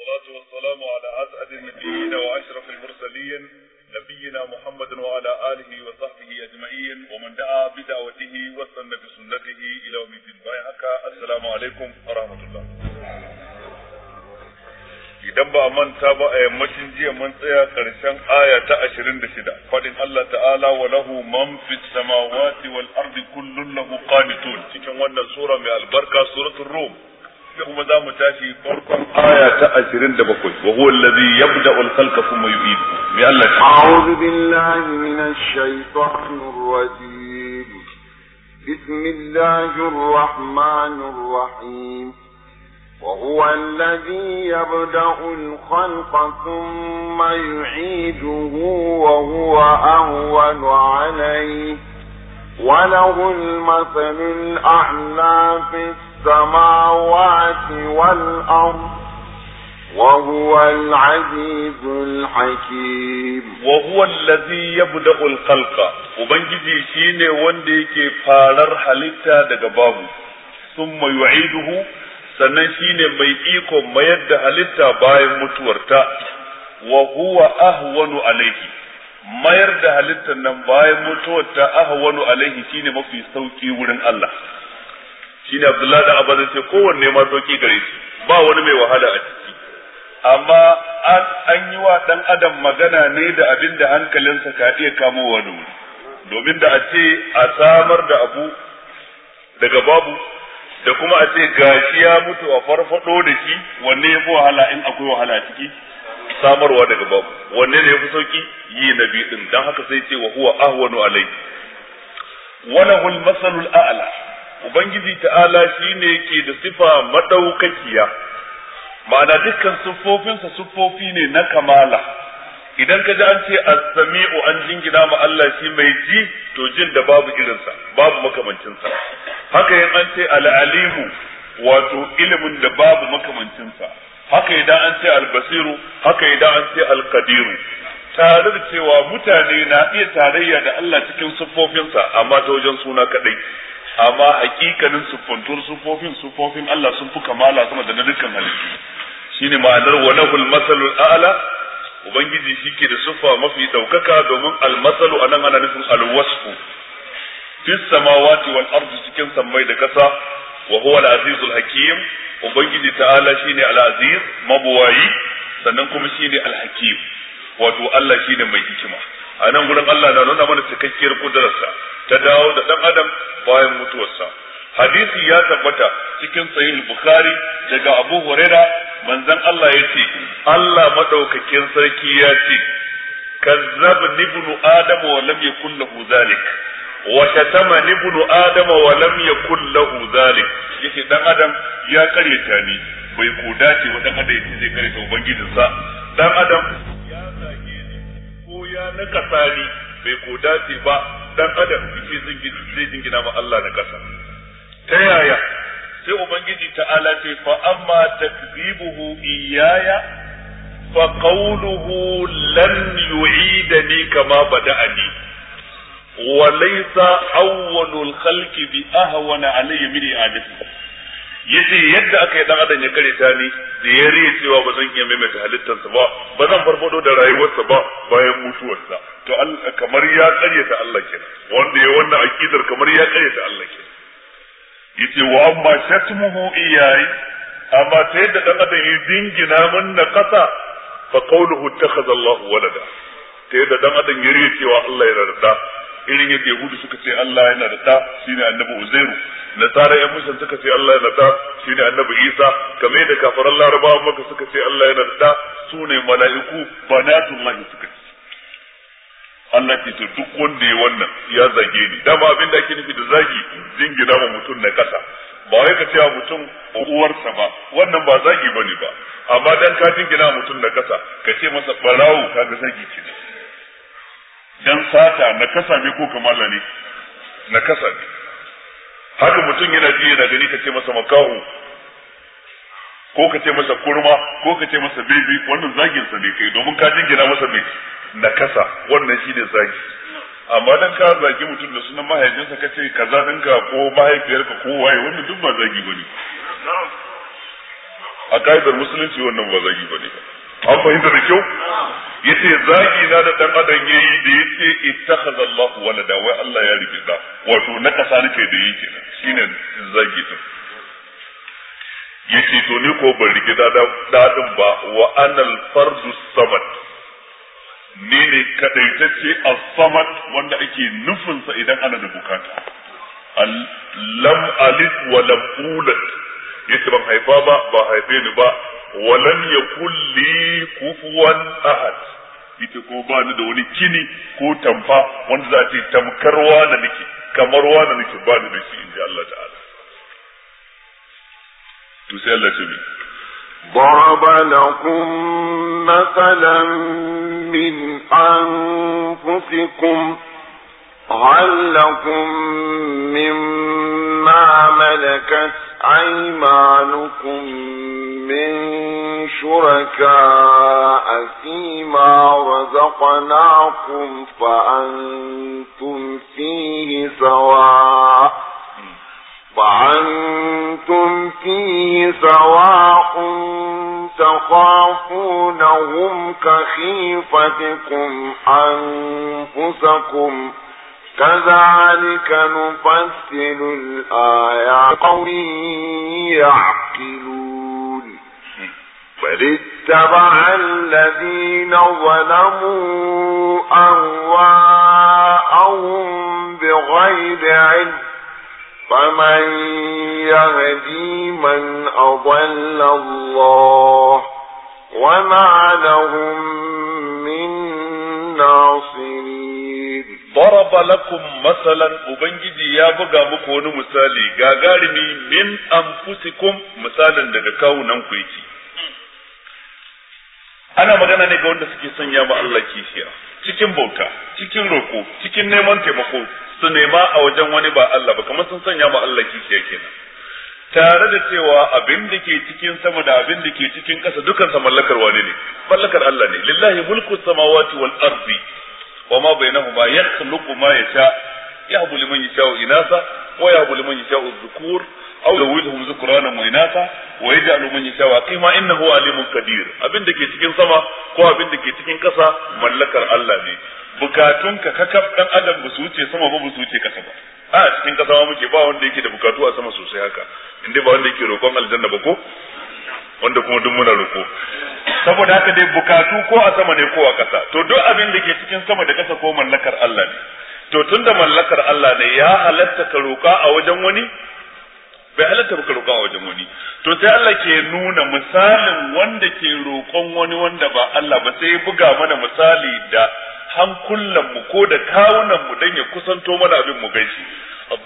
والصلاة والسلام على أسعد النبيين وأشرف المرسلين نبينا محمد وعلى آله وصحبه أجمعين ومن دعا بدعوته واستنى بسنته إلى يوم الدين السلام عليكم ورحمة الله idan ba a manta ba a yammacin jiya mun tsaya karshen aya ta 26 fadin Allah ta'ala wa lahu man fis samawati wal ardi kullun lahu qanitun cikin wannan sura mai albarka suratul rum نحن ذا متاشي فرقم آية تأشرين دبكوي وهو الذي يبدأ الخلق ثم يعيد بألك أعوذ بالله من الشيطان الرجيم بسم الله الرحمن الرحيم وهو الذي يبدأ الخلق ثم يعيده وهو أهون عليه وله المثل الأعلى في السماء السماوات والأرض وهو العزيز الحكيم وهو الذي يبدأ الخلق وبنجي شيني وندي كي فارر حلتا دقبابو ثم يعيده sannan shine mai iko mayar da halitta bayan mutuwarta wa huwa ahwanu alaihi mayar da halittar nan bayan mutuwarta ahwanu alaihi shine mafi sauki wurin Allah shine Abdullahi da Abba ce kowanne ma doki gare shi ba wani mai wahala a ciki amma an yi wa dan adam magana ne da abin da hankalinsa ka iya kamo wa wuri domin da a ce a samar da abu daga babu da kuma a ce gashi ya mutu a farfado da shi wanne ya fi wahala in akwai wahala a ciki samarwa daga babu wanne ne ya fi sauki yi na biyu din dan haka sai ce wa huwa ahwanu alai. wa masalul a'la ubangiji ta'ala ne ke da sifa maɗaukakiya, ma'ana dukkan siffofinsa siffofi ne na kamala idan ka ji an ce as-sami'u an jingina ma Allah shi mai ji to jin da babu irinsa babu makamancinsa haka yin an ce al wato ilimin da babu makamancinsa haka idan an ce al-basiru haka idan an ce al tare da cewa mutane na iya tarayya da Allah cikin siffofinsa amma ta wajen suna kaɗai. amma hakikanin siffantuwar sufofin sufofin Allah sun fi kamala sama da na dukkan halittu shine ma'anar walahul masalul a'la ubangiji shike da siffa mafi daukaka domin almasalu anan ana nufin Al-Wasfu. fi samawati wal ardi cikin sammai da kasa wa huwa al-azizul hakim ubangiji ta'ala shine al-aziz mabuwayi sannan kuma shine al-hakim wato Allah shine mai hikima a nan gurin Allah na nuna mana cikakkiyar kudurarsa ta dawo da dan adam bayan mutuwarsa hadisi ya tabbata cikin sahih bukhari daga abu huraira manzon Allah ya ce Allah madaukakin sarki ya ce kazzab ibn adam wa lam yakul lahu zalik wa shatama ibn adam wa lam yakul lahu zalik yace dan adam ya karyata ni bai ko dace wa dan adam yace zai karyata sa dan adam ya zage ni ko ya nakasa ni bai ko dace ba dan adam yake zai jingina ma Allah na kasa ta yaya sai ubangiji ta'ala ce fa amma takdibuhu iyaya fa qawluhu lan yu'idani kama bada'ani wa laysa awwalul khalqi bi ahwana alayya min adam yace yadda aka yi dan adam ya kare ta ni da ya cewa ba zan iya maimaita halittarsa ba ba zan farfado da rayuwarsa ba bayan mutuwarsa to kamar ya ta Allah ke wanda ya wannan aqidar kamar ya ta Allah ke yace wa amma shatmuhu iyai amma sai da dan adam ya dingina min na kasa fa qawluhu takhadha Allahu walada sai da dan adam ya riye cewa Allah ya rarda irin yadda yahudu suka ce Allah yana da ta shine annabi uzairu nasara ya musan suka ce Allah yana da ta shine annabi isa kamar da kafaran larabawa maka suka ce Allah yana da ta sune mala'iku banatullahi suka ce Allah ce duk wanda ya wannan ya zage ni dama abin da ake nufi da zagi jingina ma mutum na kasa ba wai ka cewa mutum uwarsa ba wannan ba zagi bane ba amma dan ka jingina mutum na kasa ka ce masa barawo ga zagi ce dan sata na kasa ne ko kamala ne na kasa ne haka mutum yana ji yana gani ka ce masa makahu ko ka ce masa kurma ko ka ce masa bibi wannan zagin sa ne kai domin ka jingina masa ne na kasa wannan shine zagi amma dan ka zagi mutum da sunan mahaifinsa ka ce kaza dinka ko mahaifiyarka ko waye wannan duk ba zagi bane a ka'idar musulunci wannan ba zagi bane an fahimta da kyau yace zagi na da dan adam yayi da yace ittakhadha Allah walada wai Allah ya rubuta wato na kasa nake da yake shine zagi din yace to ni ko ban rike dadin ba wa anal fardu samad ni ne kadaitacce as-samad wanda ake nufin sa idan ana da bukata lam alif wa lam ulad yace ban haifa ba ba haife ni ba wa lam yakul li kufuwan ahad ita ko ba ni da wani kini ko tamfa wanda za ta yi tamkarwa na nake kamarwa na nake ba ni da shi inji Allah ta'ala مثال sai ضرب لكم مثلا من أنفسكم هل لكم مما ملكت أيمانكم من شركاء فيما رزقناكم فأنتم فيه سواء وأنتم فيه سواء تخافونهم كخيفتكم أنفسكم كذلك نفصل الآيات قوم يعقلون بل اتبع الذين ظلموا أهواءهم بغير علم فمن يهدي من أضل الله وما لهم من ناصرين ضرب لكم مثلا ubangiji ya buga muku wani misali gagarumi min anfusikum misalin daga kawunan ku yake ana magana ne ga wanda suke sanya ma Allah kishiya cikin bauta cikin roko cikin neman taimako su nema a wajen wani ba Allah ba kamar sun sanya ma Allah kishiya kenan tare da cewa abin da ke cikin sama da abin da ke cikin kasa dukan sa mallakar wani ne mallakar Allah ne lillahi mulku samawati wal ardi wa ma bainahuma yakhluqu ma yasha yahbu liman yasha inasa wa yahbu liman yasha dhukur aw zawidhum zukranan wa inatha wa yaj'alu man yasha wa qima innahu alimun qadir abin da ke cikin sama ko abin da ke cikin kasa mallakar Allah ne ka kakaf dan adam ba su wuce sama ba ba su wuce kasa ba a cikin kasa ma muke ba wanda yake da bukatu a sama sosai haka inda ba wanda yake roƙon aljanna ba ko wanda kuma duk muna roƙo saboda haka dai bukatu ko a sama ne ko a kasa to duk abin da ke cikin sama da kasa ko mallakar Allah ne to tunda mallakar Allah ne ya halatta ka roƙa a wajen wani bai halatta ba ka roƙa wajen wani to sai Allah ke nuna misalin wanda ke roƙon wani wanda ba Allah ba sai buga mana misali da hankulan mu ko da kawunan mu dan ya kusanto mana abin mu gaishe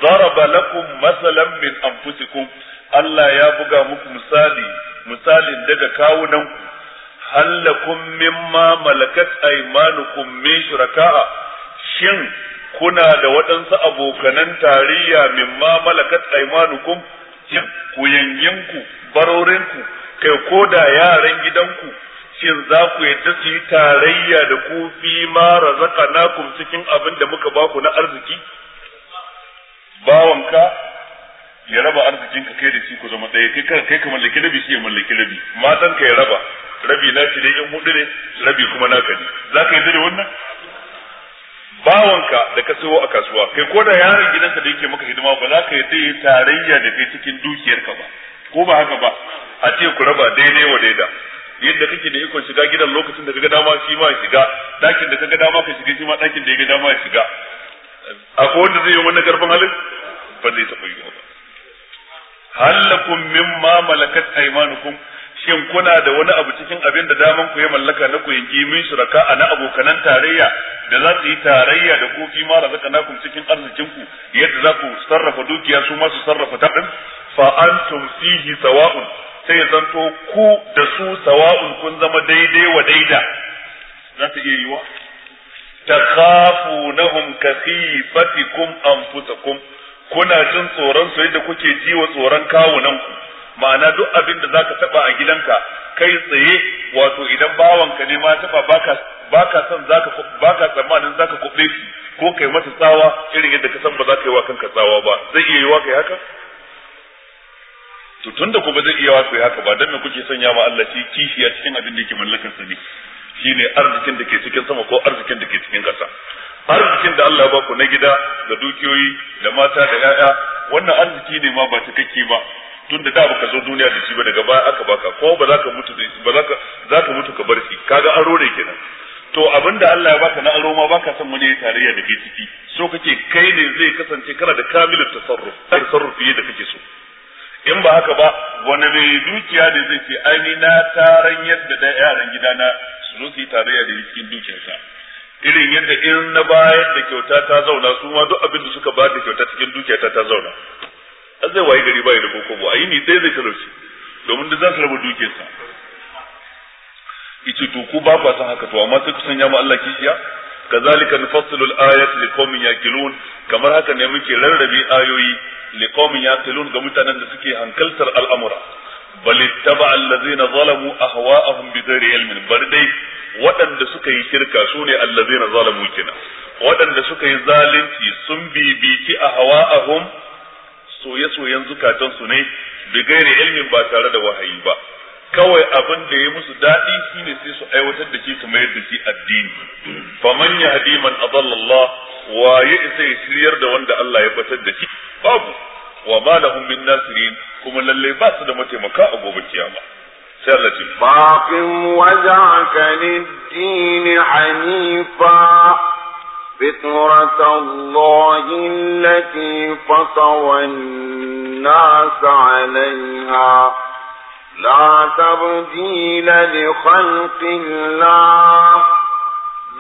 daraba lakum masalan min anfusikum Allah ya buga muku misali misalin daga kawunan ku mamala mimma malakat aymanukum min shuraka'a shin kuna da waɗansu abokanan tarayya ma malakat aymanukum shin ku barorinku kai ko da yaran gidanku shin za ku yadda su yi tarayya da ku fi ma razaqanakum cikin abin da muka baku na arziki bawanka ya raba arzikinka kai da shi ku zama ɗaya kai kai ka mallaki rabi shi ya mallaki rabi matan ka ya raba rabi na shi ne in hudu ne rabi kuma ka ne za ka yi da wannan bawanka da ka sayo a kasuwa kai ko da yaron gidanka da yake maka hidima ba za ka yadda yi tarayya da kai cikin dukiyarka ba ko ba haka ba a ce ku raba daidai wa daida yadda kake da ikon shiga gidan lokacin da kaga dama shi ma shiga dakin da kaga dama ka shiga shi ma dakin da ya ga dama ya shiga akwai wanda zai yi wani karfin halin ba zai taɓa yi ba hallakum mimma malakat aymanukum shin kuna da wani abu cikin abin da daman ku ya mallaka na ku yanki min shuraka a na abokanan tarayya da za su yi tarayya da kofi fi ma razaqnakum cikin arzikin ku yadda za ku sarrafa dukiya su ma su sarrafa ta din fa antum fihi sawa'un sai zanto ku da su sawa'un kun zama daidai wa daida za ta iya yiwa takhafunahum kakhifatikum anfusakum kuna jin tsoron su yadda kuke ji wa tsoron kawunan ku ma'ana duk abin da zaka taba a gidanka kai tsaye wato idan bawanka ne ma taba baka baka son zaka baka tsammanin zaka kuɓe shi ko kai mata tsawa irin yadda ka san ba za ka yi wa kanka tsawa ba zai iya yi wa kai haka to tunda ko ba zai iya kai haka ba dan me kuke sanya ma Allah shi a cikin abin da yake mallakar sa ne shine arzikin da ke cikin sama ko arzikin da ke cikin ƙasa arzikin da Allah ba ku na gida da dukiyoyi da mata da 'ya'ya wannan arziki ne ma ba cikakke ba tun da da baka zo duniya da shi ba daga baya aka baka ko ba za ka mutu ba za ka za ka mutu ka bar shi kaga aro ne kenan to abinda Allah ya baka na aro ma baka san wani tarayya da ke ciki so kake kai ne zai kasance kana da kamilin tasarruf tasarrufi da kake so in ba haka ba wani mai dukiya ne zai ce ai ni na taran yadda da yaran gidana su zo su yi tarayya da cikin dukiyarsa irin yadda in na bayar da kyauta ta zauna su ma duk abin da suka bayar da kyauta cikin dukiyata ta zauna har zai waye gari bai da kokobo a yi ni ɗaya zai talauci domin da za su raba dukiyarsa yace to ku ba kwa san haka to amma sai ku sanya mu Allah kishiya kazalika nufassilu al-ayat liqaumin yaqilun kamar haka ne muke rarrabe ayoyi liqaumin yaqilun ga mutanen da suke hankaltar al'amura bal ittaba allazina zalamu ahwa'ahum bighairi ilmin bar dai waɗanda suka yi shirka su ne allazina zalamu kina waɗanda suka yi zalunci sun bibici ahwa'ahum soye-soyen zukatansu ne da gairi ilmin ba tare da wahayi ba kawai abin da ya musu daɗi shine sai su aiwatar da shi su mayar da shi addini faman yahdi man adalla wa ya isa ya shiryar da wanda Allah ya batar da shi babu wa ma min nasirin kuma lalle ba su da mataimaka a gobe kiyama sai Allah ce faqim فطرة الله التي فطر الناس عليها لا تبديل لخلق الله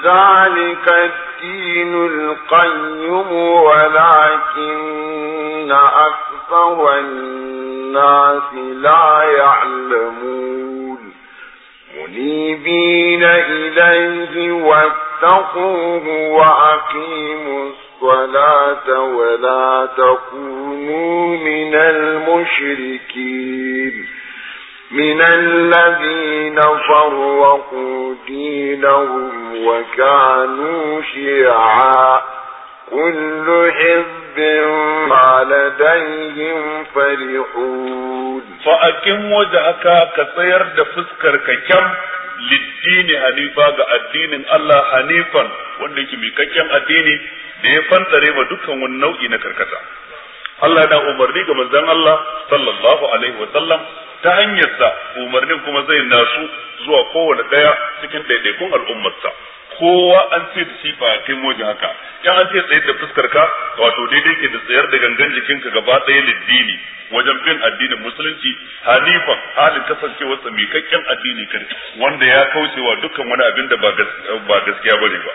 ذلك الدين القيم ولكن أكثر الناس لا يعلمون منيبين إليه وكذلك فاتقوه وأقيموا الصلاة ولا تكونوا من المشركين من الذين فرقوا دينهم وكانوا شيعا كل حزب ما لديهم فرحون فأكم وجهك كسير دفسكر ككم liddini hanifa ga addinin Allah hanifan wanda yake kakken addini da ya fantsare ma dukkan wani nau'i na karkata Allah na umarni ga manzon Allah sallallahu alaihi wa sallam ta hanyarsa umarnin kuma zai nasu zuwa kowane daya cikin ɗaiɗaikun al'ummarsa. kowa an ce da shi ba kai moji haka ya an ce tsaye da fuskar ka wato daidai ke da tsayar da gangan jikinka gaba ɗaya dini wajen bin addinin musulunci hanifan halin kasancewar sa kakken addini kare wanda ya kaucewa dukkan wani abin da ba gaskiya bane ba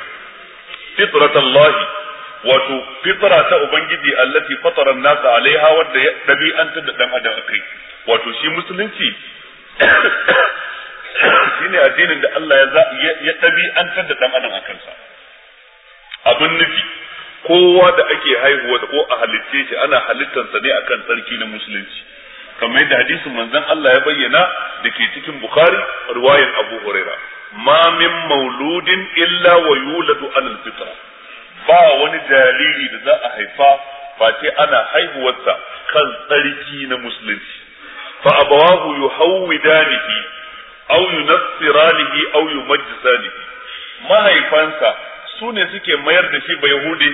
fitratallahi wato fitra ta ubangiji allati fatara nasa alaiha wanda ya dabi'antar da dan adam akai wato shi musulunci shine addinin da Allah ya za ya an da dan adam akan sa abin nufi kowa da ake haihuwa ko a halitce shi ana halittansa ne akan sarki na musulunci kamar da hadisin manzon Allah ya bayyana da ke cikin Bukhari riwayar Abu Huraira ma min mauludin illa wa yuladu alal fitra ba wani jariri da za a haifa face ana haihuwarsa kan tsarki na musulunci fa abawahu yuhawwidanihi au yunassiranihi aw yumajjisanihi mahaifansa su ne suke mayar da shi ba yahudi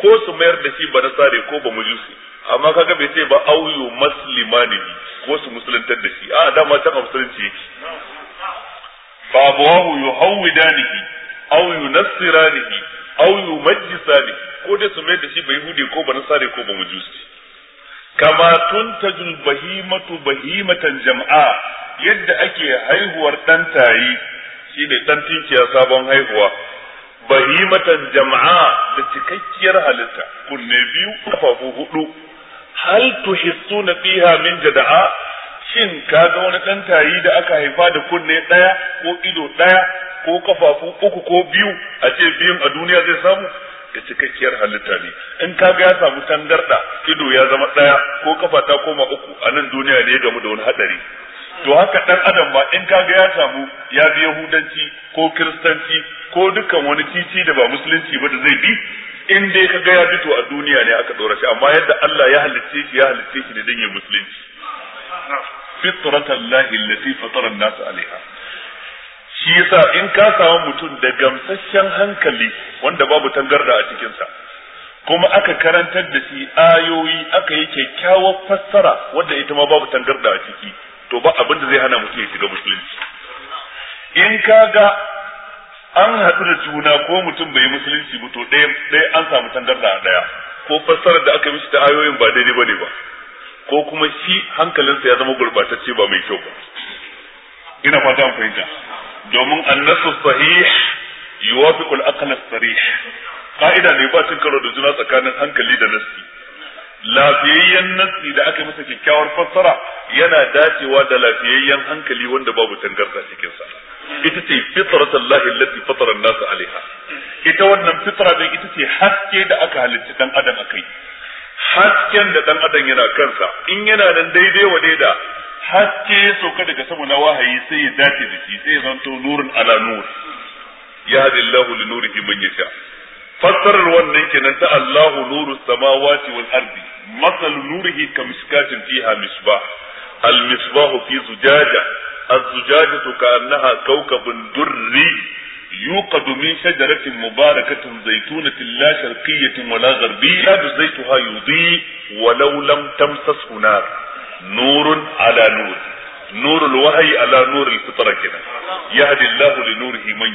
ko su mayar da shi ba nasare ko ba majusi amma kaga bai ce ba maslima yumaslimanihi ko su musuluntar da shi a dama can a musulunci yake fa abawahu yuhawidanihi aw yunassiranihi aw yumajjisanihi ko dai su mayar da shi ba yahudi ko ba nasare ko ba majusi kama tuntajul bahimatu bahimatan jam'a yadda ake haihuwar dan tayi shine dan tinkiya sabon haihuwa bahimatan jama'a da cikakkiyar halitta kunne biyu kafafu hudu hal tuhissuna fiha min jada'a shin ka ga wani dan tayi da aka haifa da kunne daya ko ido daya ko kafafu uku ko biyu a ce biyun a duniya zai samu da cikakkiyar halitta ne in ka ga ya samu tangarda ido ya zama daya ko kafa ta koma uku a nan duniya ne ya gamu da wani hadari to haka dan adam ba in ka ga ya samu ya bi yahudanci ko kiristanci ko dukkan wani titi da ba musulunci ba da zai bi in dai ka ya bi a duniya ne aka dora shi amma yadda Allah ya halitta shi ya halitta shi ne dan ya musulunci fitratallahi allati fatara an-nas alaiha shi yasa in ka samu mutum da gamsasshen hankali wanda babu tangarda a cikinsa kuma aka karantar da shi ayoyi aka yi kyakkyawar fassara wanda ita ma babu tangarda a ciki to ba abin da zai hana mutum ya shiga musulunci in ka ga an haɗu da juna ko mutum bai yi musulunci ba to ɗaya an samu tangarda a ɗaya ko fassarar da aka mishi ta ayoyin ba daidai ba ne ba ko kuma shi hankalinsa ya zama gurbatacce ba mai kyau ba ina fata an fahimta domin annasu sahih yuwafiqu al-aql as-sarih ka'ida ne ba cin karo da juna tsakanin hankali da nassi lafiyayyen nassi da aka masa kyakkyawar fassara yana dacewa da lafiyayyen hankali wanda babu tangarda cikin sa ita ce fitratul lahi allati fatara an-nas alaiha ita wannan fitra din ita ce haske da aka halitta dan adam akai hasken da dan adam yana kansa in yana nan daidai wa daida haske ya sauka daga sama na wahayi sai ya dace da shi sai ya zanto nurin ala nur ya hadi Allahu li nurihi man yasha fassarar wannan kenan ta Allahu nuru samawati wal ardi masal nurihi kamishkatin fiha misbah al misbah fi zujaja الزجاجة كأنها كوكب دري يوقد من شجرة مباركة زيتونة لا شرقية ولا غربية زيتها يضيء ولو لم تمسسه نار nurun ala nur nurul wahyi ala nuril fitra kenan yahdi Allah li nurihi man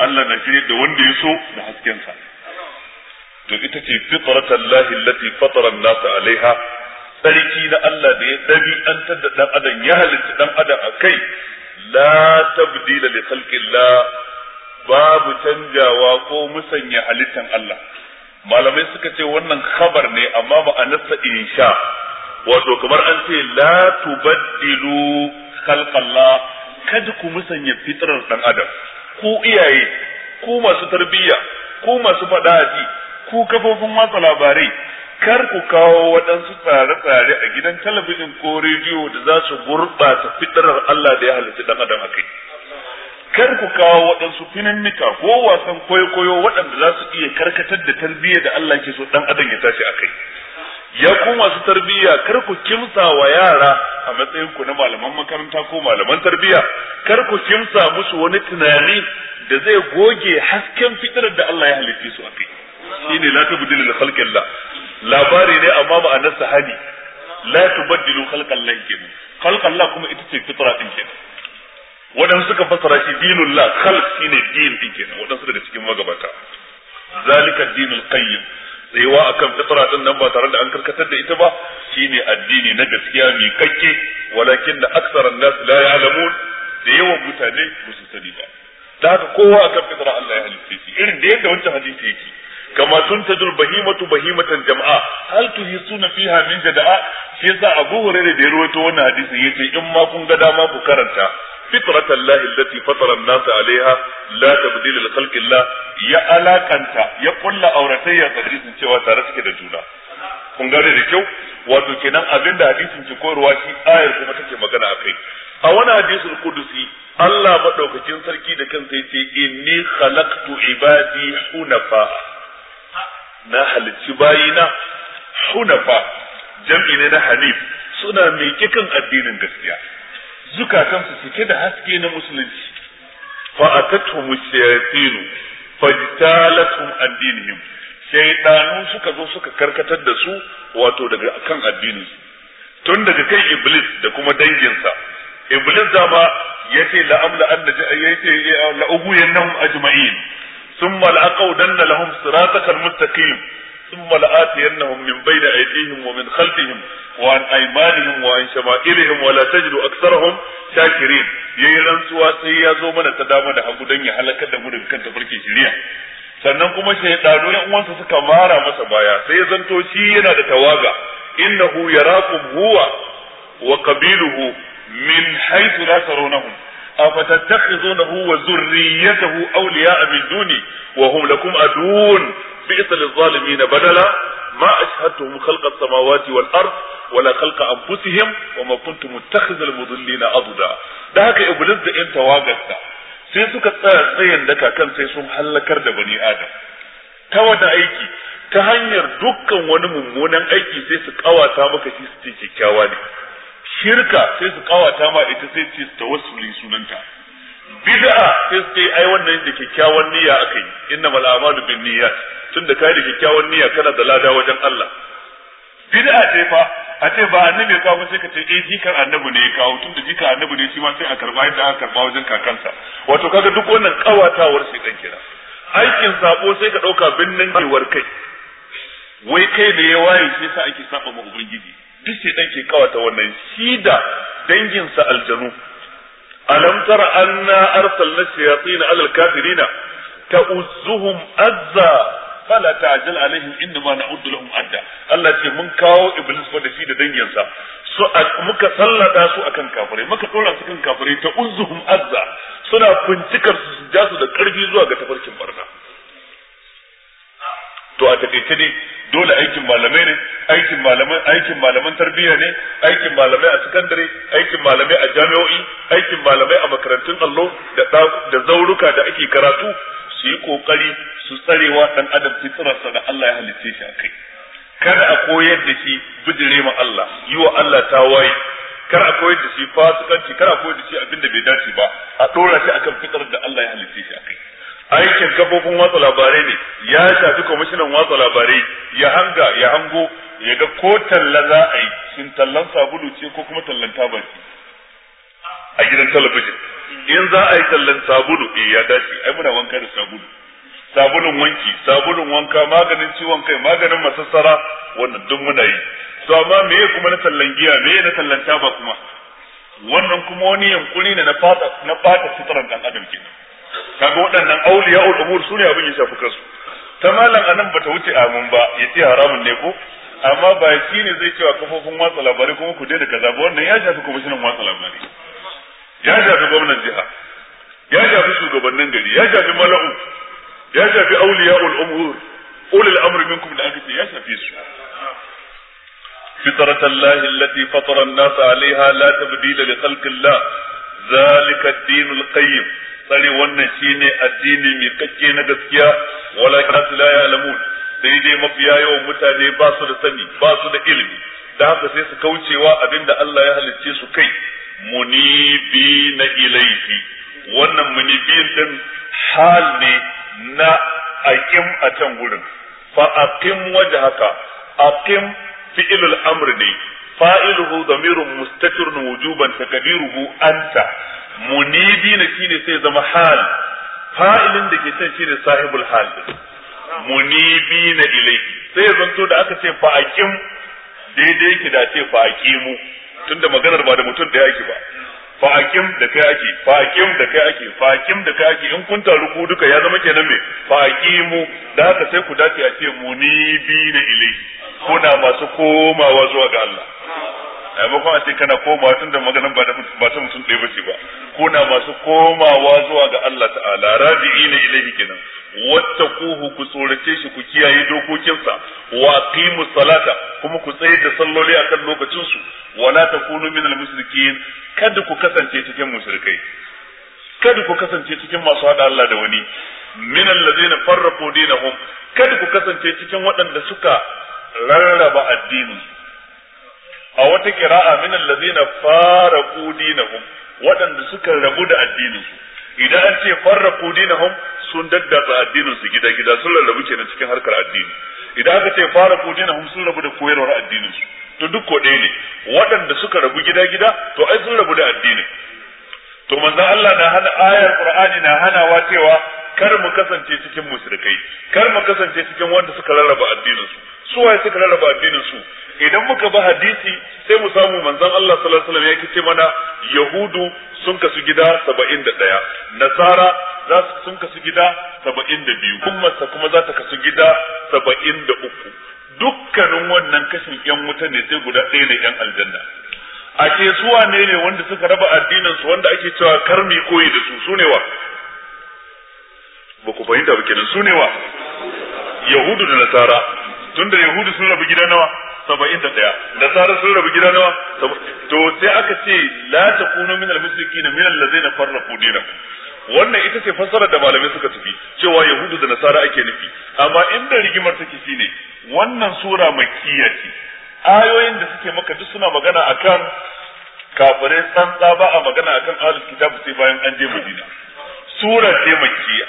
Allah na shirye da wanda ya so da hasken sa to ita ce fitratan lahi allati fatara an-nas alaiha sarki na Allah da ya dabi an tadda dan adam ya halitta dan adam akai la tabdila li khalqillah babu canjawa ko musanya halittan Allah malamai suka ce wannan khabar ne amma ma'anarsa insha wato kamar an ce la tubaddilu khalqallah kada ku musanya fitrar dan adam ku iyaye ku masu tarbiyya ku masu fadaji ku kafofin watsa labarai kar ku kawo waɗansu tsare-tsare a gidan talabijin ko rediyo da za su gurɓata fitrar Allah da ya halitta dan adam akai kar ku kawo waɗansu fininnika ko wasan kwaikwayo waɗanda za su iya karkatar da tarbiyya da Allah ke so dan adam ya tashi akai ya ku masu tarbiyya kar ku kimsa wa yara a matsayin ku na malaman makaranta ko malaman tarbiyya kar ku kimsa musu wani tunani da zai goge hasken fitirar da Allah ya halitta su a kai shine la tabdilu khalqillah labari ne amma ba an sahani la tubaddilu khalqallah kin khalqallah kuma ita ce fitra din kenan wadanda suka fasara shi dinullah khalq shine din din kenan wadansu daga cikin magabata zalika dinul qayyim tsayuwa akan fitra din nan ba tare da an karkatar da ita ba shine addini na gaskiya mai kakke walakin da aksaran nas la ya'lamun da yawan mutane ba su sani ba da haka kowa akan fitra Allah ya halitta shi irin da yadda wancan hadisi yake kama tun tajul bahimatu bahimatan jama'a hal tuhisuna fiha min jada'a shi yasa Abu Hurairah da ya rawaito wannan hadisi yace in ma kun ga dama ku karanta فطرة الله التي فطر الناس عليها لا تبديل لخلق الله يا alakanta ya kulla auratayya hadisin cewa tare suke da juna kun da kyau wato kenan abin da hadisin ke koyarwa shi ayar kuma take magana akai a wani hadisul kudusi Allah madaukakin sarki da kansa yace inni khalaqtu ibadi hunafa na halicci bayina hunafa jam'i ne na hanif suna mai kikan addinin gaskiya zukatansu cike da haske na musulunci fa atatu shayatin fa an addinihim shaytanu suka zo suka karkatar da su wato daga kan addinin tun daga kai iblis da kuma danginsa iblis da ba yace la amla an yace la ubu yanhum ajma'in thumma laqawdanna lahum siratakal mustaqim ثم لآتينهم من بين أيديهم ومن خلفهم وعن أيمانهم وعن شمائلهم ولا تجد أكثرهم شاكرين yayi rantsuwa sai ya zo mana ta dama da hagu don ya halakar da mu daga kan tafarki shiriya sannan kuma shaidanu yan uwansa suka mara masa baya sai ya zanto shi yana da tawaga innahu yarakum huwa wa qabiluhu min haythu la tarawnahum afatattakhizunahu wa zurriyyatahu awliya'a min duni wa hum lakum adun bi'sa na badala ma ashhadtuhum khalqa as-samawati wal ard wala khalqa anfusihim wa ma kuntu muttakhidhal mudillina adda da haka iblis da yan tawagarta sai suka tsaya tsayin daka kan sai sun hallakar da bani adam ta wata aiki ta hanyar dukkan wani mummunan aiki sai su kawata maka shi su kyakkyawa ne shirka sai su kawata ma ita sai ce tawassuli sunanta bid'a sai su ai wannan da kyakkyawan niyya aka yi mal a'malu bin niyyat tunda kai da kyakkyawan niyya kana da lada wajen Allah bid'a ce fa a ce ba annabi ya kawo sai ka ce eh jikar annabi ne ya kawo tunda jikar annabi ne shi ma sai a karba yadda aka karba wajen kakansa wato kaga duk wannan kawatawar shi dan kira aikin sabo sai ka dauka binnan kewar kai wai kai da ya waye shi sa ake saba ma ubangiji duk sai dan ke kawata wannan shi da danginsa aljanu alam tara anna arsalna shayatin ala alkafirina ta'uzzuhum azza fala ta'jal alaihim innama na'uddu lahum adda Allah ce mun kawo iblis fa da shi da danginsa su muka sallata su akan kafirai muka dora su kan kafirai ta'uzzuhum azza suna fincikar su ja su da karfi zuwa ga tafarkin barna to a takaice dai dole aikin malamai ne aikin malaman aikin malaman tarbiyya ne aikin malamai a sakandare aikin malamai a jami'o'i aikin malamai a makarantun allo da da zauruka da ake karatu su yi kokari su tsarewa dan adam fitrarsa da Allah ya halicce shi akai kada a koyar da shi bijire ma Allah yi wa Allah tawaye kar a koyar da shi fasikanci kar a koyar da shi abin da bai dace ba a dora shi akan fitar da Allah ya halicce shi akai aikin kafofin watsa labarai ne ya shafi kwamishinan watsa labarai ya hanga ya hango ya ga ko talla za a yi shin tallan sabulu ce ko kuma tallan tabarci a gidan talabijin in za a yi tallan sabulu eh ya dace ai muna wanka da sabulu sabulun wanki sabulun wanka maganin ciwon kai maganin masassara wannan duk muna yi to amma meye kuma na tallan giya meye na tallan taba kuma wannan kuma wani yankuri ne na fata na fata sitaran dan adam kenan kaga waɗannan auliya ul umur sune abin ya shafi kansu ta malam anan bata wuce amin ba ya ce haramun ne ko amma ba shi ne zai cewa kafofin watsa labarai kuma ku daina kaza ba wannan ya shafi kwamishinan watsa labarai ya shafi gwamnan jiha ya shafi shugabannin gari ya shafi mala'u ya shafi auliya ul umur ulul amr minkum da aka ce ya shafi su فطرة الله التي فطر الناس عليها لا تبديل لخلق الله ذلك الدين القيم tsare wannan shine addini mai kakke na gaskiya wala kasu la ya'lamun sai dai mafiya yawan mutane ba su da sani ba su da ilimi da haka sai su kaucewa abinda Allah ya halicce su kai munibi na ilaihi wannan munibin din hal ne na aqim a can gurin fa aqim wajhaka aqim fi'ilul amr ne fa'iluhu damirun mustatirun wujuban takdiruhu anta munibina shine sai zama hal fa'ilin da ke can shine sahibul hal munibina ilayhi sai zanto da aka ce fa daidai yake da ce fa tunda maganar ba da mutum da yake ba fa da kai ake fa da kai ake fa da kai ake in kun taru ku duka ya zama kenan me fa da aka sai ku dace a ce munibina ilayhi kuna masu komawa zuwa ga Allah maimakon a ce kana komawa tun da maganin ba ba ta mutum ɗaya bace ba kuna masu komawa zuwa ga Allah ta'ala raji'i ne ilahi kenan wattaquhu ku tsorace shi ku kiyaye dokokinsa wa qimu salata kuma ku tsayar da salloli akan lokacin su wala takunu minal musrikin kada ku kasance cikin mushrikai kada ku kasance cikin masu hada Allah da wani minal ladzina farraqu dinahum kada ku kasance cikin waɗanda suka rarraba addinin a wata kira'a min allazina faraqu dinahum waɗanda suka rabu da addininsu idan an ce faraqu dinahum sun addinin addininsu gida gida sun rabu kenan cikin harkar addini idan aka ce faraqu dinahum sun rabu da koyarwar addininsu to duk ko ɗaya ne waɗanda suka rabu gida gida to ai sun rabu da addinin to manzo Allah na hana ayar Qur'ani na hanawa cewa kar mu kasance cikin mushrikai kar mu kasance cikin wanda suka rarraba addininsu su waye suka rarraba su idan muka ba hadisi sai mu samu manzon Allah sallallahu alaihi wasallam yake ce mana yahudu sun kasu gida 71 nasara za su sun kasu gida 72 sa kuma za ta kasu gida 73 dukkanin wannan kashin yan wuta ne sai guda ɗaya ne yan aljanna a ce su wane ne wanda suka raba addinin su wanda ake cewa karmi koyi da su sune wa ba ku fahimta ba kenan sune wa yahudu da nasara tunda yahudu sun rabu gida nawa saba'in da ɗaya da zarar sun rabu gida nawa to sai aka ce la takunu min al-musrikin min allazina farraqu wannan ita ce fassarar da malamai suka tafi cewa yahudu da nasara ake nufi amma inda rigimar take ne wannan sura makkiya ce ayoyin da suke maka duk suna magana akan kafirai tsantsa ba a magana akan ahlul kitab sai bayan an je madina sura ce makkiya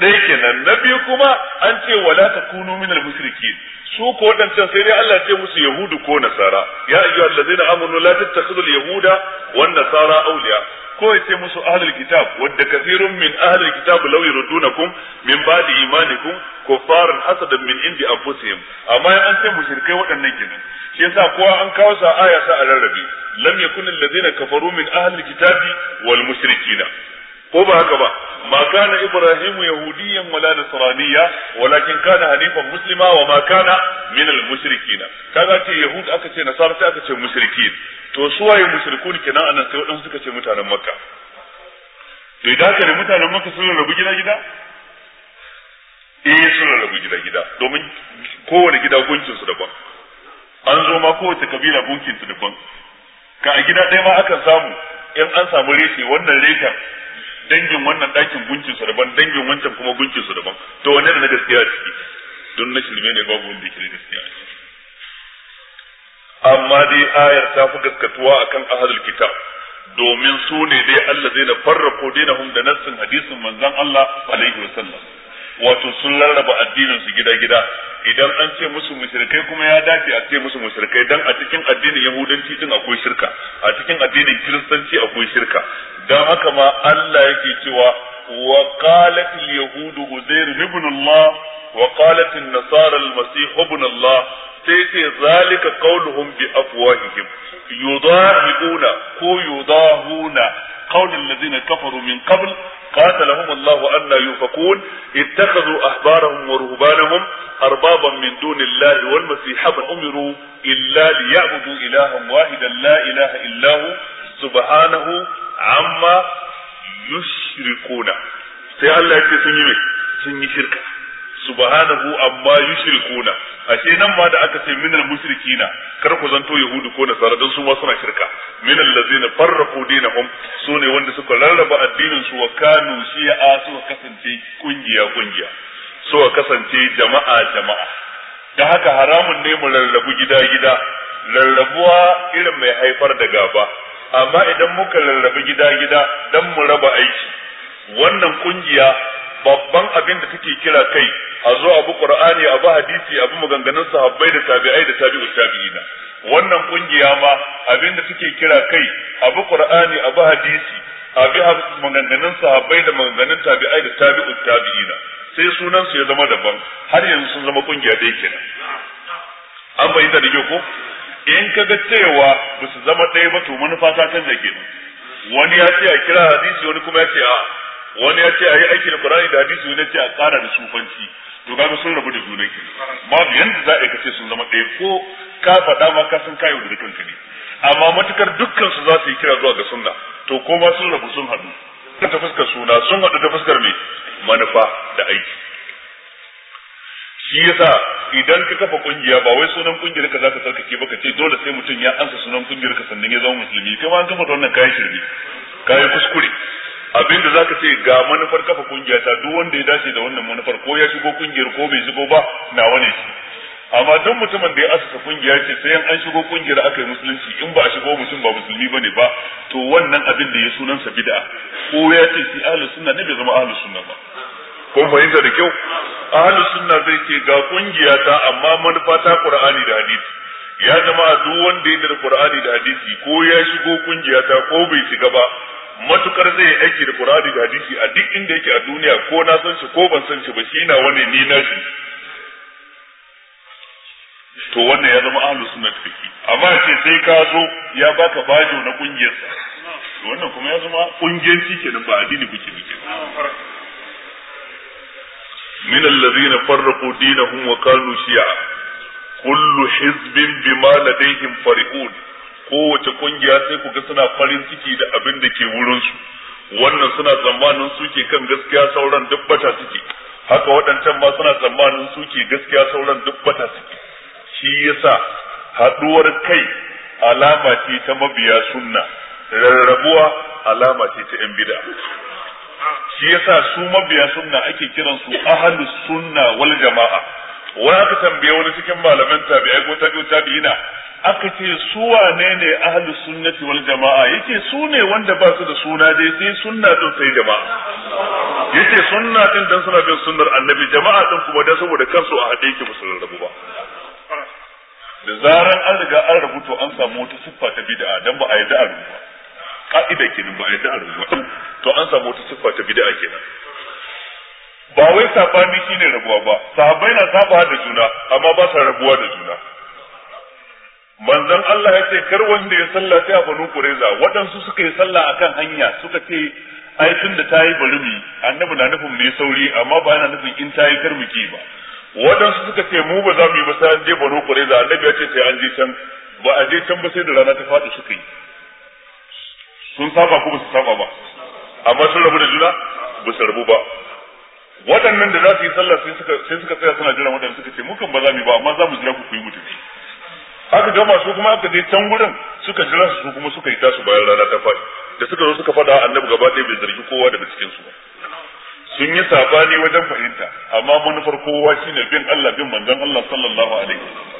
ɗaya kenan na biyu kuma an ce wala takunu minal mushrikin su ko wadancan sai dai Allah ce musu yahudu ko nasara ya ayyuha allazina amanu la tattakhidul yahuda wan nasara awliya ko ya ce musu ahlul kitab wadda kathirun min ahlul kitab law yurdunakum min ba'di imanikum kuffaran hasadan min indi anfusihim amma an ce mushrikai waɗannan kenan shi yasa kowa an kawo sa aya sa a rarrabe lam yakun allazina kafaru min ahlul kitabi wal mushrikina ko ba haka ba ما كان ابراهيم يهوديا ولا نصرانيا ولكن كان حنيفا مسلما وما كان من المشركين كذا ce yahud aka ce nasara sai aka ce mushrikin to su waye mushrikun kenan anan sai ce mutanen makka to idan ka ne mutanen makka sun rabu gida gida eh sun rabu gida gida domin kowane gida gunkin su daban an zo ma kowace kabila gunkin su daban ka a gida ɗaya ma akan samu in an samu reshe wannan reshen dangin wannan dakin gunkin su daban dangin wancan kuma gunkin su daban to wanne ne na gaskiya a ciki don na shirme ne babu wanda yake gaskiya amma dai ayar ta fi gaskatuwa akan ahlul kitab domin su ne dai Allah zai na farrako dinahum da nassin hadisin manzon Allah alaihi wasallam wato sun rarraba addinin su gida-gida idan an ce musu mushrikai kuma ya dace a ce musu mushrikai dan a cikin addinin yahudanci din akwai shirka a cikin addinin kiristanci akwai shirka dan haka ma Allah yake cewa وقالت اليهود عزير ابن الله وقالت النصارى المسيح ابن الله سيتي ذلك قولهم بأفواههم يضاهئون كو يضاهون قول الذين كفروا من قبل قاتلهم الله أن يفكون اتخذوا أحبارهم ورهبانهم أربابا من دون الله والمسيح من أمروا إلا ليعبدوا إلها واحدا لا إله إلا هو سبحانه عما yushrikuna sai Allah ya ce sun yi me sun yi shirka subhanahu amma yushrikuna ashe nan ma da aka ce minal mushrikina kar ku zanto yahudu ko nasara dan su ma suna shirka minal ladzina farraqu dinahum sune wanda suka rarraba addinin su wa kanu shi'a suka kasance kungiya kungiya suka kasance jama'a jama'a da haka haramun ne mu rarrabu gida gida rarrabuwa irin mai haifar da gaba amma idan muka rarrabe gida-gida dan mu raba aiki wannan kungiya babban abin da take kira kai a zo abu qur'ani abu hadisi abu maganganun sahabbai da tabi'ai da tabi'u tabi'ina wannan kungiya ma abin da take kira kai abu qur'ani abu hadisi abu maganganun sahabbai da maganganun tabi'ai da tabi'u tabi'ina sai sunan su ya zama daban har yanzu sun zama kungiya ɗaya kenan an bayyana da ko in ka ga cewa ba su zama ɗaya ba to manufa ta canza kenan wani ya ce a kira hadisi wani kuma ya ce a wani ya ce a yi aikin Qur'ani da hadisi wani ya ce a ƙara da sufanci to ga sun rabu da juna kenan babu yanda za a yi ce sun zama ɗaya ko ka faɗa ma ka san kayo da kanka ne amma matukar dukkan su za su yi kira zuwa ga sunna to ko ma sun rabu sun haɗu ta fuskar suna sun haɗu ta fuskar me manufa da aiki shi yasa idan ka kafa kungiya ba wai sunan kungiyar ka zaka sarkake ba ka ce dole sai mutum ya ansa sunan kungiyar ka sannan ya zama musulmi kai ma an da wannan kayan shirme kayan kuskure abinda zaka ce ga manufar kafa kungiya ta duk wanda ya dace da wannan manufar ko ya shigo kungiyar ko bai shigo ba na wane shi amma duk mutumin da ya asasa kungiya ce sai an shigo kungiyar aka yi musulunci in ba a shigo mutum ba musulmi bane ba to wannan abin da ya sunansa bid'a ko ya ce shi ahlus sunna ne bai zama ahlus sunna ba kun fahimta da kyau ahlus sunna zai ce ga kungiya ta amma manufa ta qur'ani da hadisi ya zama duk wanda ya da qur'ani da hadisi ko ya shigo kungiya ta ko bai shiga ba matukar zai aiki da qur'ani da hadisi a duk inda yake a duniya ko na san shi ko ban san shi ba shi na wani ni na shi to wannan ya zama ahlus sunna fiki amma ce sai ka zo ya baka bajo na sa wannan kuma ya zama shi kenan ba addini kuke nufi من الذين فرقوا دينهم وكانوا شيعا Hisbin حزب بما لديهم فرحون kowace kungiya sai ku ga suna farin ciki da abin da ke wurinsu wannan suna tsammanin su kan gaskiya sauran duk bata haka waɗancan ma suna tsammanin su gaskiya sauran duk bata suke shi yasa haɗuwar kai alama ce ta mabiya sunna rarrabuwa alama ce ta yan bid'a shi yasa su mabiya sunna ake kiran su ahlus sunna wal jama'a wa aka tambaye wani cikin malaman tabi'ai ko tabi'u tabi'ina aka ce su wane ne ahlus sunnati wal jama'a yace su ne wanda ba su da suna dai sai sunna din sai jama'a yace sunna din dan suna bin sunnar annabi jama'a din kuma dan saboda kansu a hade yake musulun rabu ba da zaran an riga an rubuto an samu wata siffa ta bid'a dan ba a yi da'a ba ka'ida kenan ba a yadda a to an samu wata siffa ta bid'a kenan ba wai sabani shine rabuwa ba sahabbai na saba da juna amma ba sa rabuwa da juna manzon Allah ya ce kar wanda ya sallace sai a banu kureza waɗansu suka yi sallah akan hanya suka ce ai tun da tayi barumi annabi na nufin mu yi sauri amma ba yana nufin in tayi kar mu ba waɗansu suka ce mu ba za mu yi ba sai an je banu kureza annabi ya ce sai an je can ba a je can ba sai da rana ta fadi suka yi sun saba ko ba su saba ba amma sun rabu da juna ba su rabu ba waɗannan da za su yi sallah sai suka tsaya suna jira waɗanda suka ce mukan ba za mu ba amma za mu jira ku ku yi mutunci aka gama su kuma aka je can gurin suka jira su kuma suka yi tasu bayan rana ta faɗi da suka zo suka faɗa annabi gaba ɗaya bai zargi kowa daga cikin su sun yi sabani wajen fahimta amma manufar kowa shine bin Allah bin manzon Allah sallallahu alaihi wasallam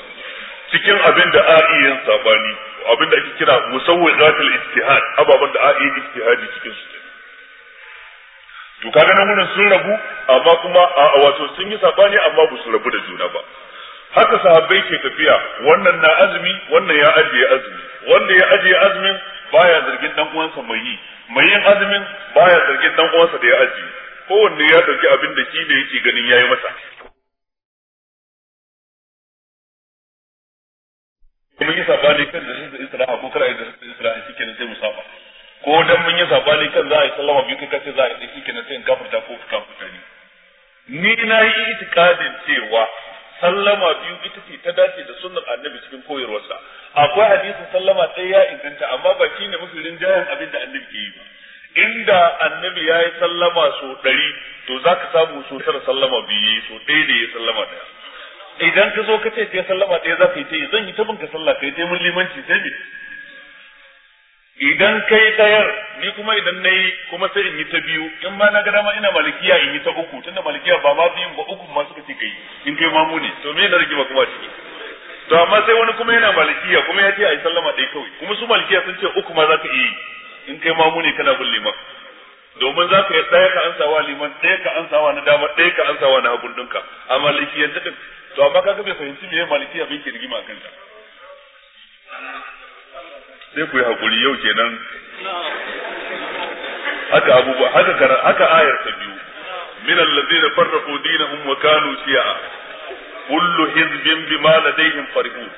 cikin abin da a iya sabani abin da ake kira musawwiqatul ijtihad ababan da a yi ijtihadi cikin su to kaga nan wurin sun rabu amma kuma a wato sun yi sabani amma ba su rabu da juna ba haka sahabbai ke tafiya wannan na azumi wannan ya ajiye azumi wanda ya ajiye azumin baya zargin dan uwansa mai yi mai yin azumin baya zargin dan uwansa da ya ajiye kowanne ya dauki abin da shi ne yake ganin yayi masa kuma yi sabani kan da zai isra'a ko kar a yi da zai isra'a shi kenan sai mu ko dan mun yi sabani kan za a yi sallama biyu kai kace za a yi shi kenan sai in gafarta ko ka kafirta ni ni na yi itikadin cewa sallama biyu ita ce ta dace da sunnar annabi cikin koyarwarsa akwai hadisin sallama ɗaya ya inganta amma ba shine mafi rinjayen abin da annabi ke yi ba inda annabi ya yi sallama sau ɗari to za ka samu so tara sallama biyu ya yi sau ɗaya da ya yi sallama ɗaya idan ka zo ka ce kai sallama ɗaya za ka yi ta yi zan yi ta binka sallah ka yi sai mun limanci sai me idan kai ɗayar ni kuma idan na yi kuma sai in yi ta biyu in ma na gada ma ina malikiya in yi ta uku tunda malikiya ba ma biyun ba uku ma suka ce ka yi, in kai mamu ne to me na rage ba kuma ciki to amma sai wani kuma yana malikiya kuma ya ce a yi sallama ɗaya kawai kuma su malikiya sun ce uku ma za ka iya yi in kai mamu ne kana bin liman domin za ka yi ɗaya ka ansawa liman ɗaya ka ansawa na dama ɗaya ka ansawa na hagun ɗinka a malikiyan ta to amma kaga bai fahimci me maliki bai ke rigima ta. sai ku yi hakuri yau kenan haka abubuwa haka kara haka ayar ta biyu min alladheena farraqu dinahum wa kanu shi'a kullu hizbin bima ladayhim farihun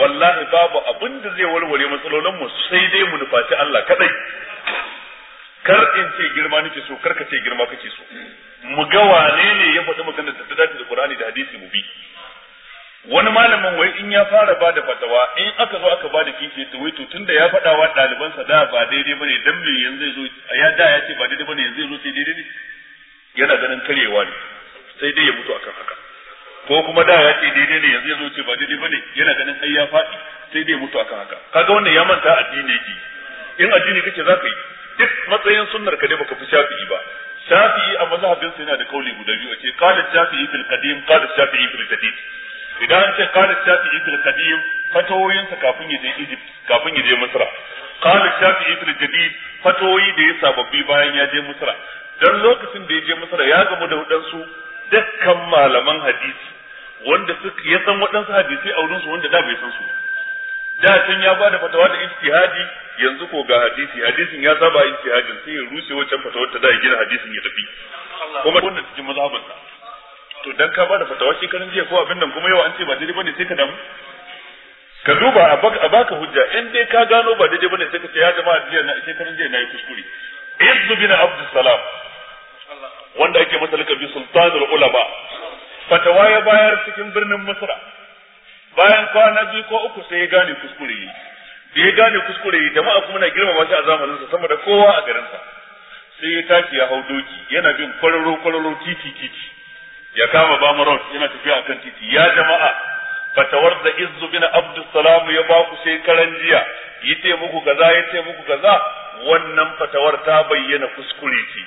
wallahi babu abin da zai warware matsalolin mu sai dai mu nufaci Allah kadai kar in ce girma nake so kar ka ce girma kake so mu ga wane ne ya faɗi maganar da ta dace da Qur'ani da hadisi mu bi wani malamin wai in ya fara ba da fatawa in aka zo aka ba da kishi to wai to tunda ya faɗa wa ɗalibansa da ba daidai bane dan me yanzu zai zo ya da ya ce ba daidai bane yanzu zai zo sai daidai ne yana ganin karewa ne sai dai ya mutu akan haka ko kuma da ya ce daidai ne yanzu ya zo ce ba daidai bane yana ganin ai ya faɗi sai dai ya mutu akan haka kaga wannan ya manta addini ne in addini kake zaka yi duk matsayin sunnar ka dai baka fi shafi'i ba shafi'i a mazhabinsa yana da kauli guda biyu a ce qala shafi'i fil qadim qala shafi'i fil jadid idan an ce qala shafi'i Idil qadim fatawoyin sa kafin ya je Egypt kafin ya je Misra qala shafi'i Idil jadid fatoyi da ya sababbi bayan ya je Misra dan lokacin da ya je Misra ya gamu da wadansu dukkan malaman hadisi wanda suka ya san wadansu hadisi a wurin su wanda da bai san su da can ya bada fatawa da ijtihadi yanzu ko ga hadisi hadisin ya saba ijtihadin sai ya rushe wancan fatawar ta da gina hadisin ya tafi kuma wannan cikin mazhabansa to dan ka bada fatawa shi jiya ko abin nan kuma yau an ce ba daidai bane sai ka damu ka duba a baka hujja in dai ka gano ba daidai bane sai ka ce ya jama'a jiya na shekarun jiya nayi kuskure ibnu bin salam wanda ake masa lakabi sultanul ulama fatawa ya bayar cikin birnin misra bayan kwana biyu ko uku sai ya gane kuskure yi da ya gane kuskure yi jama'a kuma na girmama shi a zamanin sama da kowa a garinsa. sai ya tashi ya hau doki yana bin kwararo kwararo titi titi ya kama bamuron yana tafiya akan titi ya jama'a fatawar da izu bin salam ya ba ku sai karan jiya yace muku kaza yace muku kaza wannan fatawar ta bayyana kuskure ki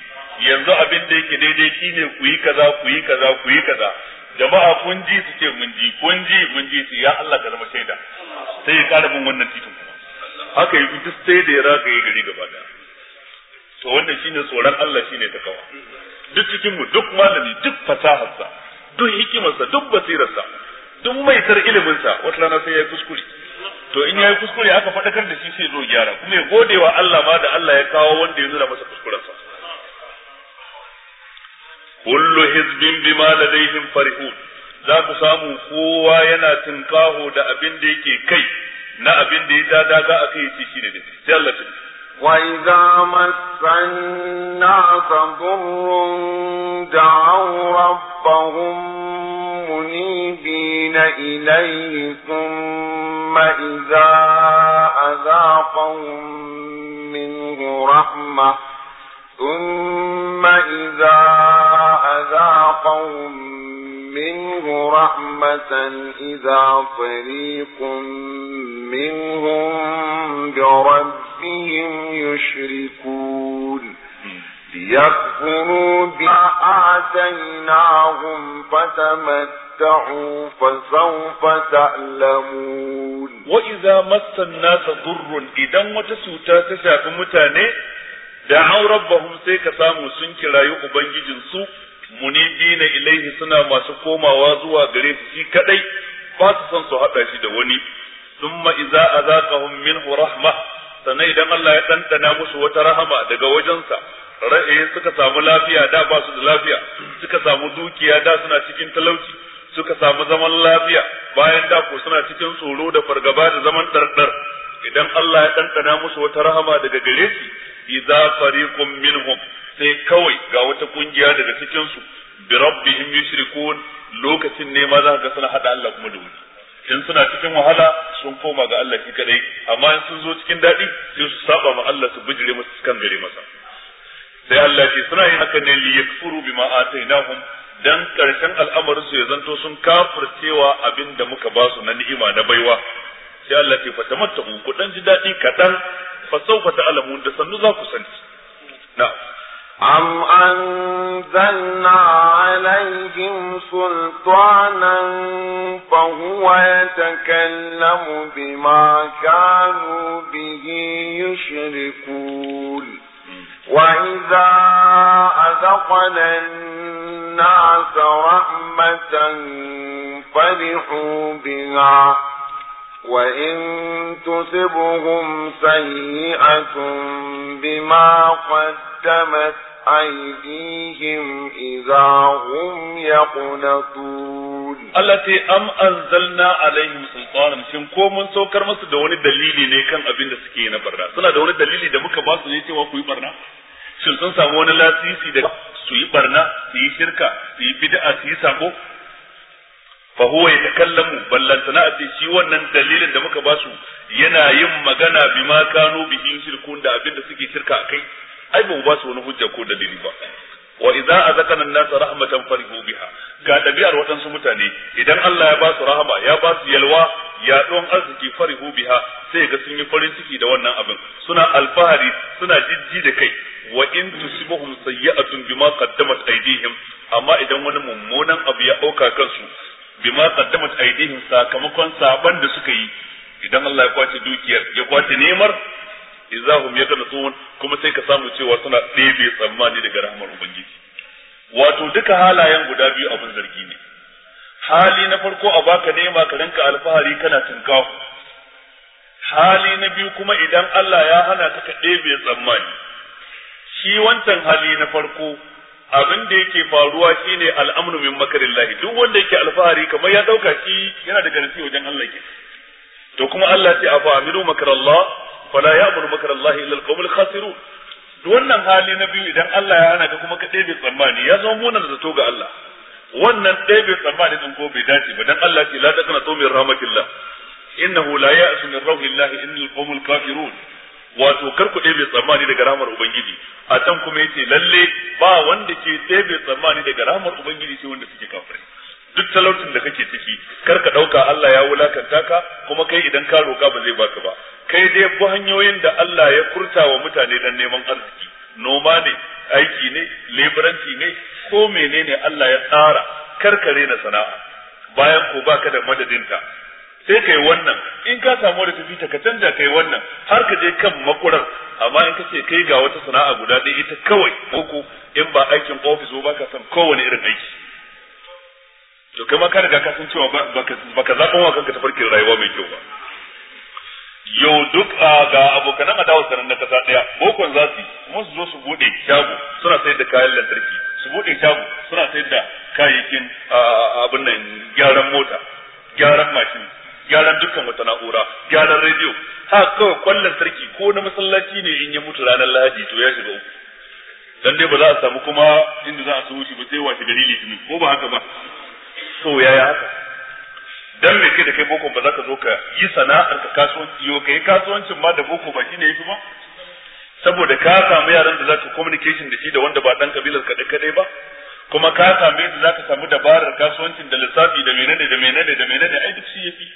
yanzu abin da yake daidai ne ku yi kaza ku yi kaza ku yi kaza jama'a kun ji su ce mun ji kun ji mun ji su ya Allah ka zama shaida sai ya kara bin wannan titin kuma haka yi duk sai da ya ragaye gari gaba daya to wannan shine tsoron Allah shine kawo duk cikin mu duk malami duk fasaharsa duk hikimarsa duk basirarsa duk mai tar ilimin wata rana sai ya kuskure to in yayi kuskure aka faɗakar da shi sai zo gyara kuma ya gode wa Allah ma da Allah ya kawo wanda ya nuna masa kuskurensa kullu hizbin bima ladaihim farihun za ku samu kowa yana tinkaho da abin da yake kai na abin da ya dada ga a kai shi ne sai Allah ya وإذا مس الناس ضر دعوا ربهم منيبين إليه ثم إذا أذاقهم منه رحمه ثم إذا أذاقهم منه رحمة إذا فريق منهم بربهم يشركون ليكفروا بما آتيناهم فتمتعوا فسوف تعلمون وإذا مس الناس ضر إذا وتسوتا تشاف متانئ da da'aw bahun sai ka samu sun kirayi ubangijin su munibina ilaihi suna masu komawa zuwa gare su shi kadai ba su son su hada shi da wani thumma idza azaqahum minhu rahma sannan idan Allah ya ɗanɗana musu wata rahama daga wajensa ra'ayi suka samu lafiya da ba su da lafiya suka samu dukiya da suna cikin talauci suka samu zaman lafiya bayan da ko suna cikin tsoro da fargaba da zaman dardar idan Allah ya ɗanɗana musu wata rahama daga gare su idza fariqun minhum sai kawai ga wata kungiya daga cikin su bi rabbihim yushrikun lokacin ne ma za ga suna hada Allah kuma da wani in suna cikin wahala sun koma ga Allah shi kadai amma in sun zo cikin dadi sai su saba ma Allah su bijire masa cikin gare masa sai Allah ce suna yin haka ne li yakfuru bima atainahum dan karshen al'amarin su ya zanto sun kafircewa abin da muka ba su na ni'ima na baiwa sai Allah ce fatamattu ku dan ji dadi kaɗan fa sawfa ta'lamun da sannu za ku sani na'am أم أنزلنا عليهم سلطانا فهو يتكلم بما كانوا به يشركون وإذا أذقنا الناس رحمة فرحوا بها وإن تصبهم سيئة بما قدمت أيديهم إذا هم يقنطون التي أم أنزلنا عليهم سلطانا shin ko mun saukar musu da wani dalili ne kan abin da suke na barna suna da wani dalili da muka ba su ne cewa ku yi barna shin sun samu wani lasisi da su yi barna su yi shirka su yi bid'a su yi sako fa huwa yatakallamu ballan sana'ati shi wannan dalilin da muka basu yana yin magana bima kanu bi shirkun da abinda suke shirka akai ai ba mu basu wani hujja ko dalili ba wa idza azaqana an-nas rahmatan farihu biha ga dabi'ar waɗansu mutane idan Allah ya ba su rahama ya ba su yalwa ya don arziki farihu biha sai ga sun yi farin ciki da wannan abin suna alfahari suna jijji da kai wa in tusibuhum sayyi'atun bima qaddamat aydihim amma idan wani mummunan abu ya auka kansu bima qaddamat aydihim sakamakon saban da suka yi idan Allah ya kwace dukiyar ya kwace nemar izahum yaqnutun kuma sai ka samu cewa suna ɗebe tsammani daga rahmar ubangiji wato duka halayen guda biyu abin zargi ne hali na farko a baka nema ka rinka alfahari kana tinkawo hali na biyu kuma idan Allah ya hana ka ka ɗebe tsammani shi wancan hali na farko abin da yake faruwa shine al'amru min makarillahi duk wanda yake alfahari kamar ya dauka shi yana da garanti wajen Allah ke to kuma Allah ce afa amiru makarallah fala ya'muru makarallahi illa al khasirun duk wannan hali na biyu idan Allah ya hana ka kuma ka ɗebe tsammani ya zama munan da zato ga Allah wannan ɗebe tsammani din ko bai dace ba dan Allah ce la taqna tu min rahmatillah innahu la ya'su min rahmillahi innal qawmul kafirun wato kar ku ɗebe tsammani daga ramar ubangiji a can kuma yace lalle ba wanda ke ɗebe tsammani daga ramar ubangiji sai wanda suke kafirai duk talaucin da kake ciki kar ka ɗauka Allah ya wulakanta ka kuma kai idan ka roka ba zai baka ba kai dai bu hanyoyin da Allah ya furta wa mutane dan neman arziki noma ne aiki ne leburanci ne ko menene Allah ya tsara kar ka rena sana'a bayan ko baka da madadinta sai kai wannan in ka samu da tafi ka canja kai wannan har ka je kan makurar amma in kace kai ga wata sana'a guda ɗaya ita kawai uku in ba aikin ofis ba ka san kowane irin aiki to kai ma ka riga ka san cewa baka zaɓa wa kanka tafarkin rayuwa mai kyau ba yau duk ga abokan dawo sanan na kasa ɗaya bokon za su kuma su zo su buɗe shago suna sayar da kayan lantarki su buɗe shago suna sayar da kayayyakin abin nan gyaran mota gyaran mashin gyaran dukkan wata na'ura gyaran rediyo ha kawai kwallon sarki ko na masallaci ne in ya mutu ranar lahadi to ya shiga uku dan dai ba za a samu kuma inda za a so shi ba sai wace gari litinin ko ba haka ba so yaya haka dan me kai da kai boko ba za ka zo ka yi sana'ar ka kasuwanci yo kai kasuwancin ma da boko ba shine yafi ba saboda ka samu yaran da za ka communication da shi da wanda ba dan kabilar ka dai ba kuma ka samu yadda za ka samu dabarar kasuwancin da lissafi da menene da menene da menene ai duk shi yafi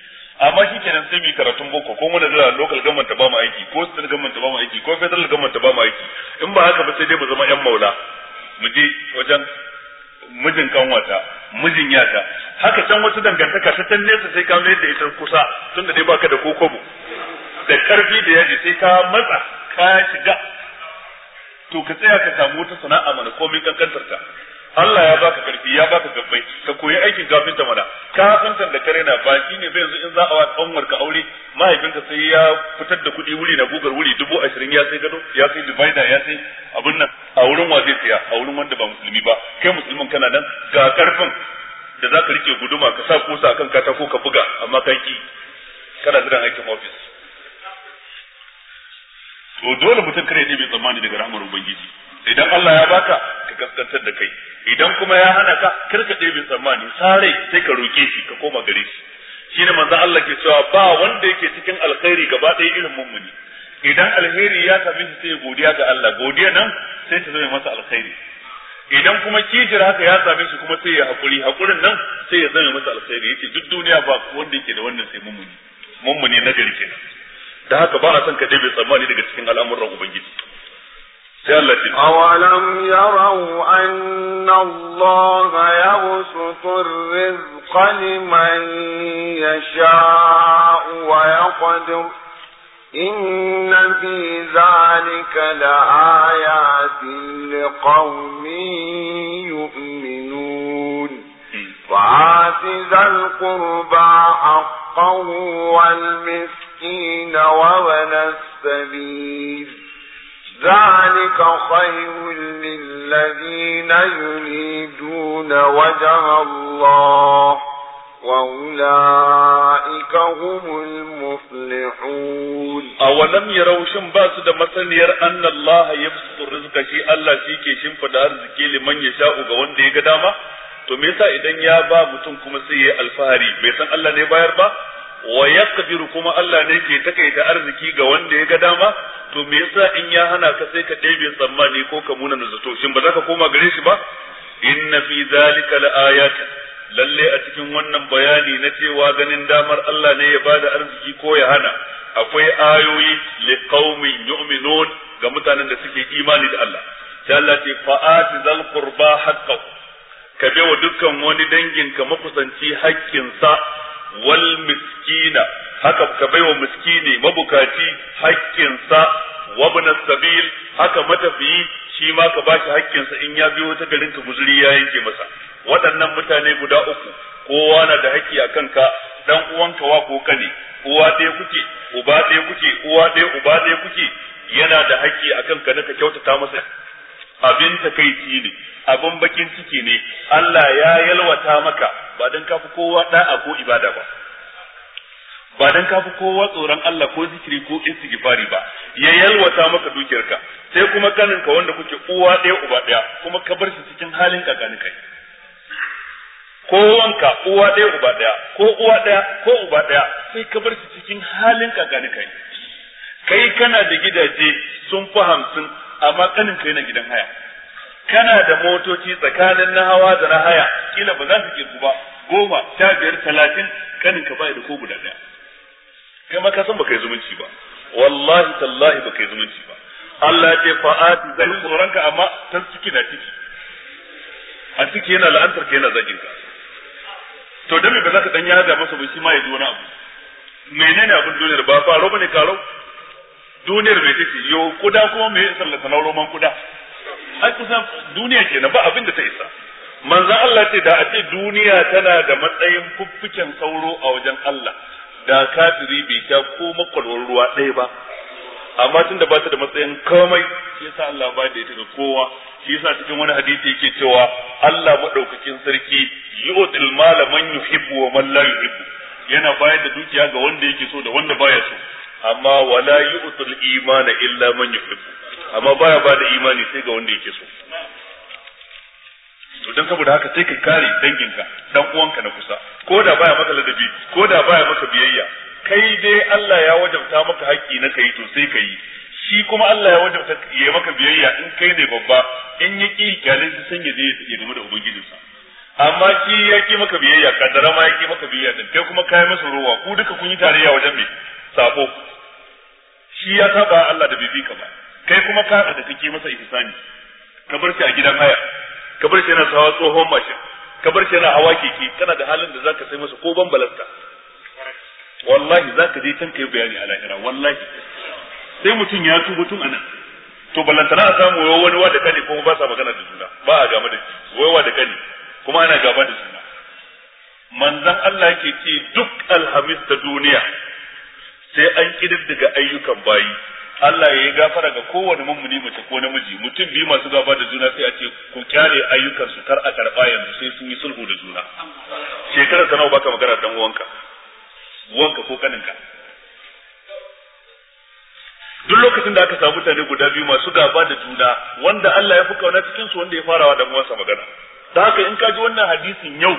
amma shi kenan sai mai karatun boko ko muna da local government ta ba mu aiki ko state government ta ba mu aiki ko federal government ta ba mu aiki in ba haka ba sai dai mu zama yan maula mu je wajen mijin kanwata mijin yata haka can wasu dangantaka ta can nesa sai ka mai da ita kusa tun da dai baka da kokobo da karfi da yaji sai ka matsa ka shiga to ka tsaya ka samu wata sana'a mana komai kankantar ta Allah ya baka karfi ya baka gabbai ka koyi aikin kafinta mana kafintan da kare na ba shi ne bai yanzu in za a umar ka aure mahaifinka sai ya fitar da kuɗi wuri na gugar wuri dubu ashirin ya sai gado ya sai divider ya sai abin nan a wurin wa zai a wurin wanda ba musulmi ba kai musulmin kana nan ga karfin da za ka rike guduma ka sa kusa akan katako ka buga amma ka ki kana jiran aikin ofis to dole mutum kare ne bai tsammani daga rahmar ubangiji idan Allah ya baka kaskantar da kai idan kuma ya hana ka karka ɗebin tsammani sare sai ka roke shi ka koma gare shi Shi ne manzan Allah ke cewa ba wanda yake cikin alkhairi gaba ɗaya irin mummuni idan alheri ya same shi sai godiya ga Allah godiya nan sai ta zama masa alkhairi idan kuma kijira haka ya same shi kuma sai ya hakuri hakurin nan sai ya zama masa alkhairi yace duk duniya ba wanda yake da wannan sai mummuni mummuni na gari kenan da haka ba a son ka dabe tsammani daga cikin al'amuran ubangiji أولم يروا أن الله يبسط الرزق لمن يشاء ويقدر إن في ذلك لآيات لقوم يؤمنون وآت ذا القربى حقه والمسكين وابن السبيل ذلك خير للذين يريدون وجه الله وأولئك هم المفلحون أولم يروا شن باسد مسنير أن الله يبسط الرزق شيء الله شيكي شن فدار زكي لمن يشاء وغوان ديك داما to me yasa idan ya ba mutum kuma sai ya alfahari bai san Allah ne bayar ba wa yaqdiru kuma Allah ne ke takaita arziki ga wanda ya ga dama to me yasa in ya hana ka sai ka ɗebe tsammani ko ka muna zato shin ba za ka koma gare shi ba inna fi zalika laayatin lalle a cikin wannan bayani na cewa ganin damar Allah ne ya bada arziki ko ya hana akwai ayoyi liqaumin yu'minun ga mutanen da suke imani da Allah sai Allah ce fa'ati zal qurba haqqo ka wa dukkan wani dangin ka makusanci haƙƙinsa wal miskina haka ka baiwa miskini mabukaci sa wa ibn sabil haka matafiyi shi ma ka bashi sa in ya biyo ta garin ka guzuri ya yanke masa waɗannan mutane guda uku kowa na da haƙƙi a kanka dan uwanka wa ko kane uwa ɗaya kuke uba ɗaya kuke uwa ɗaya uba ɗaya kuke yana da haƙƙi a kanka na ka kyautata masa abin takaici ne abin bakin ciki ne Allah ya yalwata maka ba dan kafi kowa a ko ibada ba ba dan kafi kowa tsoron Allah ko zikiri ko istighfari ba ya yalwata maka dukiyarka sai kuma kaninka wanda kuke uwa ɗaya uba ɗaya kuma ka bar shi cikin halin kakani kai ko wanka uwa ɗaya uba ɗaya ko uwa ɗaya ko uba ɗaya sai ka bar shi cikin halin kakani kai kai kana da gidaje sun fi hamsin amma kanin kai na gidan haya kana da motoci tsakanin na hawa da na haya kila ba za su ke ba goma sha biyar talatin kanin ka bai da ko guda daya kai ma ka san baka yi zumunci ba wallahi tallahi baka yi zumunci ba Allah ce fa'ati zai tsoronka amma ta ciki na ciki a ciki yana la'antar ka yana zagin ka to dan me ba za ka dan yaza masa ba shi ma ya ji wani abu menene abin duniyar ba faro bane karo duniyar mai tafi yo kuda kuma mai da na roman kuda ai kusan duniya kenan ba abin da ta isa Manzan Allah ce da a ce duniya tana da matsayin fuffuken sauro a wajen Allah da kafiri bai ta ko makwalwar ruwa ɗaya ba amma tunda ba ta da matsayin komai shi yasa Allah ba da ita kowa shi yasa cikin wani hadisi yake cewa Allah madaukakin sarki yu'til mala man yuhibbu wa man la yuhibbu yana bayar da dukiya ga wanda yake so da wanda baya so amma wala yu'tul imana illa man yuhibbu amma baya ba da imani sai ga wanda yake so to dan saboda haka sai ka kare danginka dan uwanka na kusa ko da baya maka ladabi ko da baya maka biyayya kai dai Allah ya wajabta maka haƙƙi na kai to sai kai shi kuma Allah ya wajabta ya maka biyayya in kai ne babba in ya ki kyale shi san ya je ya game da ubangijinsa amma shi ya ki maka biyayya kadara ma ya ki maka biyayya din kai kuma kai masa ruwa ku duka kun yi tarayya wajen me sabo shi ya saba Allah da bibi ka ba kai kuma ka da kake masa ihsani ka bar shi a gidan haya ka bar shi yana sawa tsohon mashin ka bar shi yana hawa keke kana da halin da zaka sai masa ko ban balanta wallahi zaka je can kai bayani a lahira wallahi sai mutum ya tuba tun anan to ballantana a samu wai wani wada kani kuma ba sa magana da juna ba a game da shi wai wada kani kuma ana gaba da juna manzan Allah yake ce duk alhamis ta duniya sai an kididdiga ayyukan bayi Allah ya yi gafara ga kowane mummuni mace ko namiji mutum biyu masu gaba da juna sai a ce ku kyale ayyukan su kar a karba yanzu sai sun yi sulhu da juna shekarar ta nawa baka magana dan uwanka uwanka ko kaninka duk lokacin da aka samu mutane guda biyu masu gaba da juna wanda Allah ya fi kauna cikin su wanda ya farawa dan uwansa magana da haka in ka ji wannan hadisin yau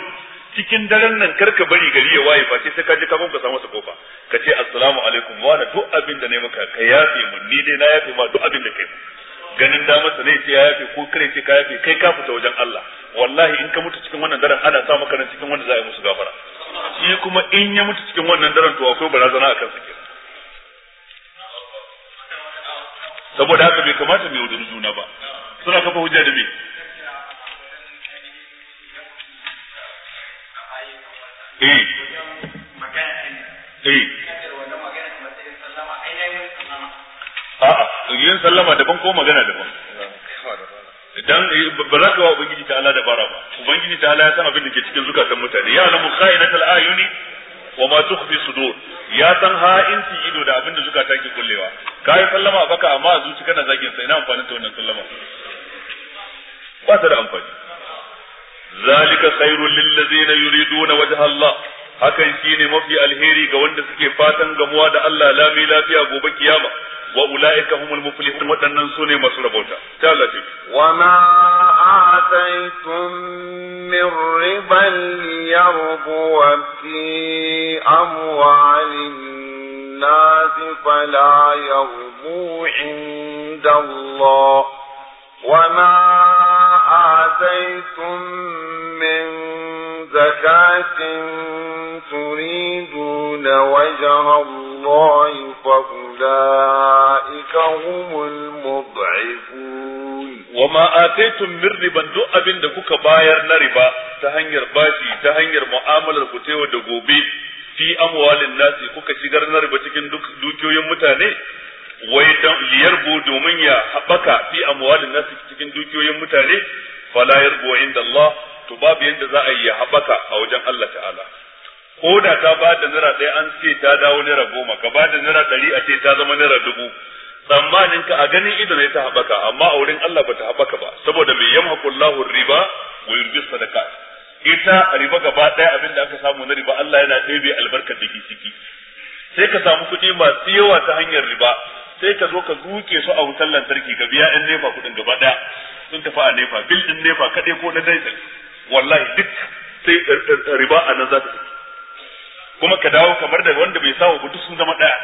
cikin daren nan karka bari gari ya waye ba sai ka je ka samu su kofa ka ce assalamu alaikum wa na duk abin da ne maka ka yafe mun ni dai na yafe ma duk abin da kai ganin da masa ne sai ya yafe ko kare ce ka yafe kai ka fita wajen Allah wallahi in ka mutu cikin wannan daren ana sa maka nan cikin wanda za a yi musu gafara shi kuma in ya mutu cikin wannan daren to akwai barazana akan su ke saboda haka bai kamata mai wajen juna ba suna kafa hujja da me eh eh yin sallama daban ko magana daban dan eh, ba wa ubangiji ta Allah da bara ba ubangiji ta Allah ya san abin da ke cikin zukatan mutane ya lamu kha'inatul ayuni wa ma tukhfi sudur ya san ha'inci ido da abin da zukata ke kullewa kai sallama baka amma zuci kana zagin sai ina amfani wannan sallama ba ta da amfani zalika khairul lil ladzina yuriduna wajha Allah hakan shine mafi alheri ga wanda suke fatan gamuwa da Allah lami lafiya gobe kiyama wa ulaika humul muflihun wadannan sune masu rabauta ta Allah wa ma ataytum min riban yarbu wa fi amwalin الناس فلا يرضوا عند الله Aitun mirni ban duk abin da kuka bayar na riba ta hanyar bashi ta hanyar mu'amalar ku ta da gobe fi amuwalin nasi kuka shigar na riba cikin dukiyoyin mutane wai dan liyarbu domin ya habaka fi amwalin nasu cikin dukiyoyin mutane fala yarbu inda Allah to babu yanda za a yi ya habaka a wajen Allah ta'ala ko da ta ba da naira ɗaya an ce ta dawo naira goma ka ba da naira ɗari a ce ta zama naira dubu tsammanin ka a ganin ido ne ta habaka amma a wurin Allah bata habaka ba saboda mai yamhakullahu riba wa yurbis sadaka ita riba gaba ɗaya abin da aka samu na riba Allah yana ɗebe albarkar da ke sai ka samu kuɗi masu yawa ta hanyar riba sai ka zo ka zuke su a wutar lantarki ka biya ɗan nefa kuɗin gaba ɗaya sun tafi a nefa bil ɗin nefa kaɗai ko na daidai wallahi duk sai eh, eh, riba a nan za ta tafi kuma ka dawo kamar da wanda bai samu duk sun zama ɗaya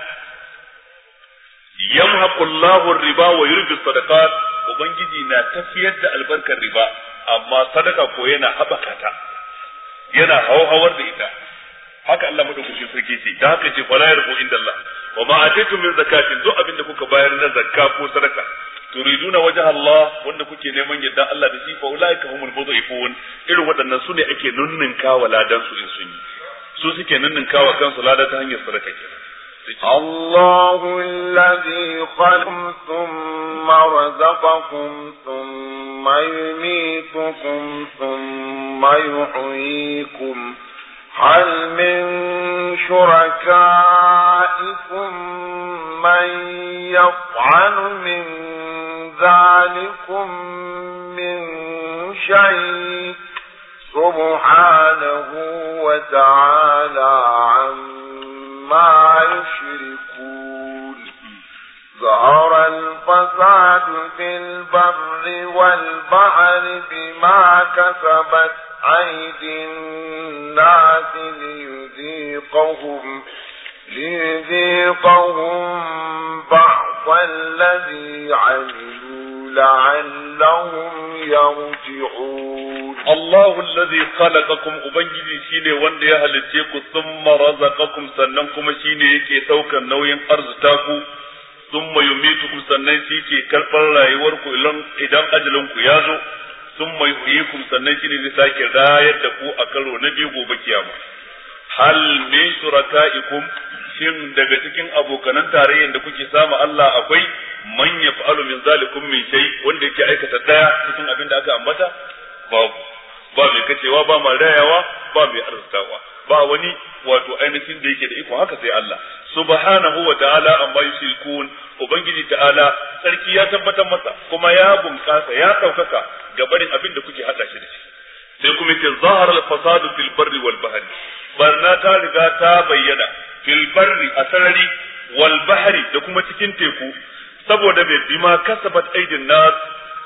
yamhaqu Allahu riba wa yurbi sadaqat ubangiji na tafiyar da albarkar riba amma sadaka ko yana habaka ta yana hauhawar da ita haka Allah madaukakin sarki ce da haka ce fala yarbu inda Allah wa ma atitum min zakatin duk abin da kuka bayar na zakka ko sadaka na wajen Allah wanda kuke neman yadda Allah da shi fa ulaika humul mudhifun irin waɗannan su ne ake nunninka wa ladan su in sun yi su suke nunninka wa kansu lada ta hanyar sadaka ke الله الذي خلقكم ثم رزقكم ثم يميتكم ثم يحييكم هل من شركائكم من يفعل من ذلكم من شيء سبحانه وتعالى عما يشركون ظهر الفساد في البر والبحر بما كسبت أيدي الناس ليذيقهم ليذيقهم بعض الذي عملوا لعلهم يرجعون الله الذي خلقكم أبنجي شيني واندي دي أهل ثم رزقكم سننكم شيني يكي توكا نوين أرزتاكو ثم يميتكم سنن سيكي كالفر لا إلا إذا أجلنكو يازو sun mai uyikum sannan shi ne zai sake rayar da ku a karo na biyu gobe kiyama hal min shuraka'ikum shin daga cikin abokanan tarayyan da kuke samu Allah akwai man yaf'alu min zalikum min shay wanda yake aikata daya cikin abin da aka ambata babu ba mai kacewa ba mai rayawa ba mai arzikawa ba wani wato ainihin da yake da iko haka sai Allah subhanahu wa ta'ala amma yushrikun ubangiji ta'ala sarki ya tabbatar masa kuma ya bunkasa ya daukaka ga barin abin da kuke hada shi da shi sai kuma ke zahar al-fasad fil barri wal bahri barna ta riga ta bayyana fil barri a sarari wal bahri da kuma cikin teku saboda bai bima kasabat aidin nas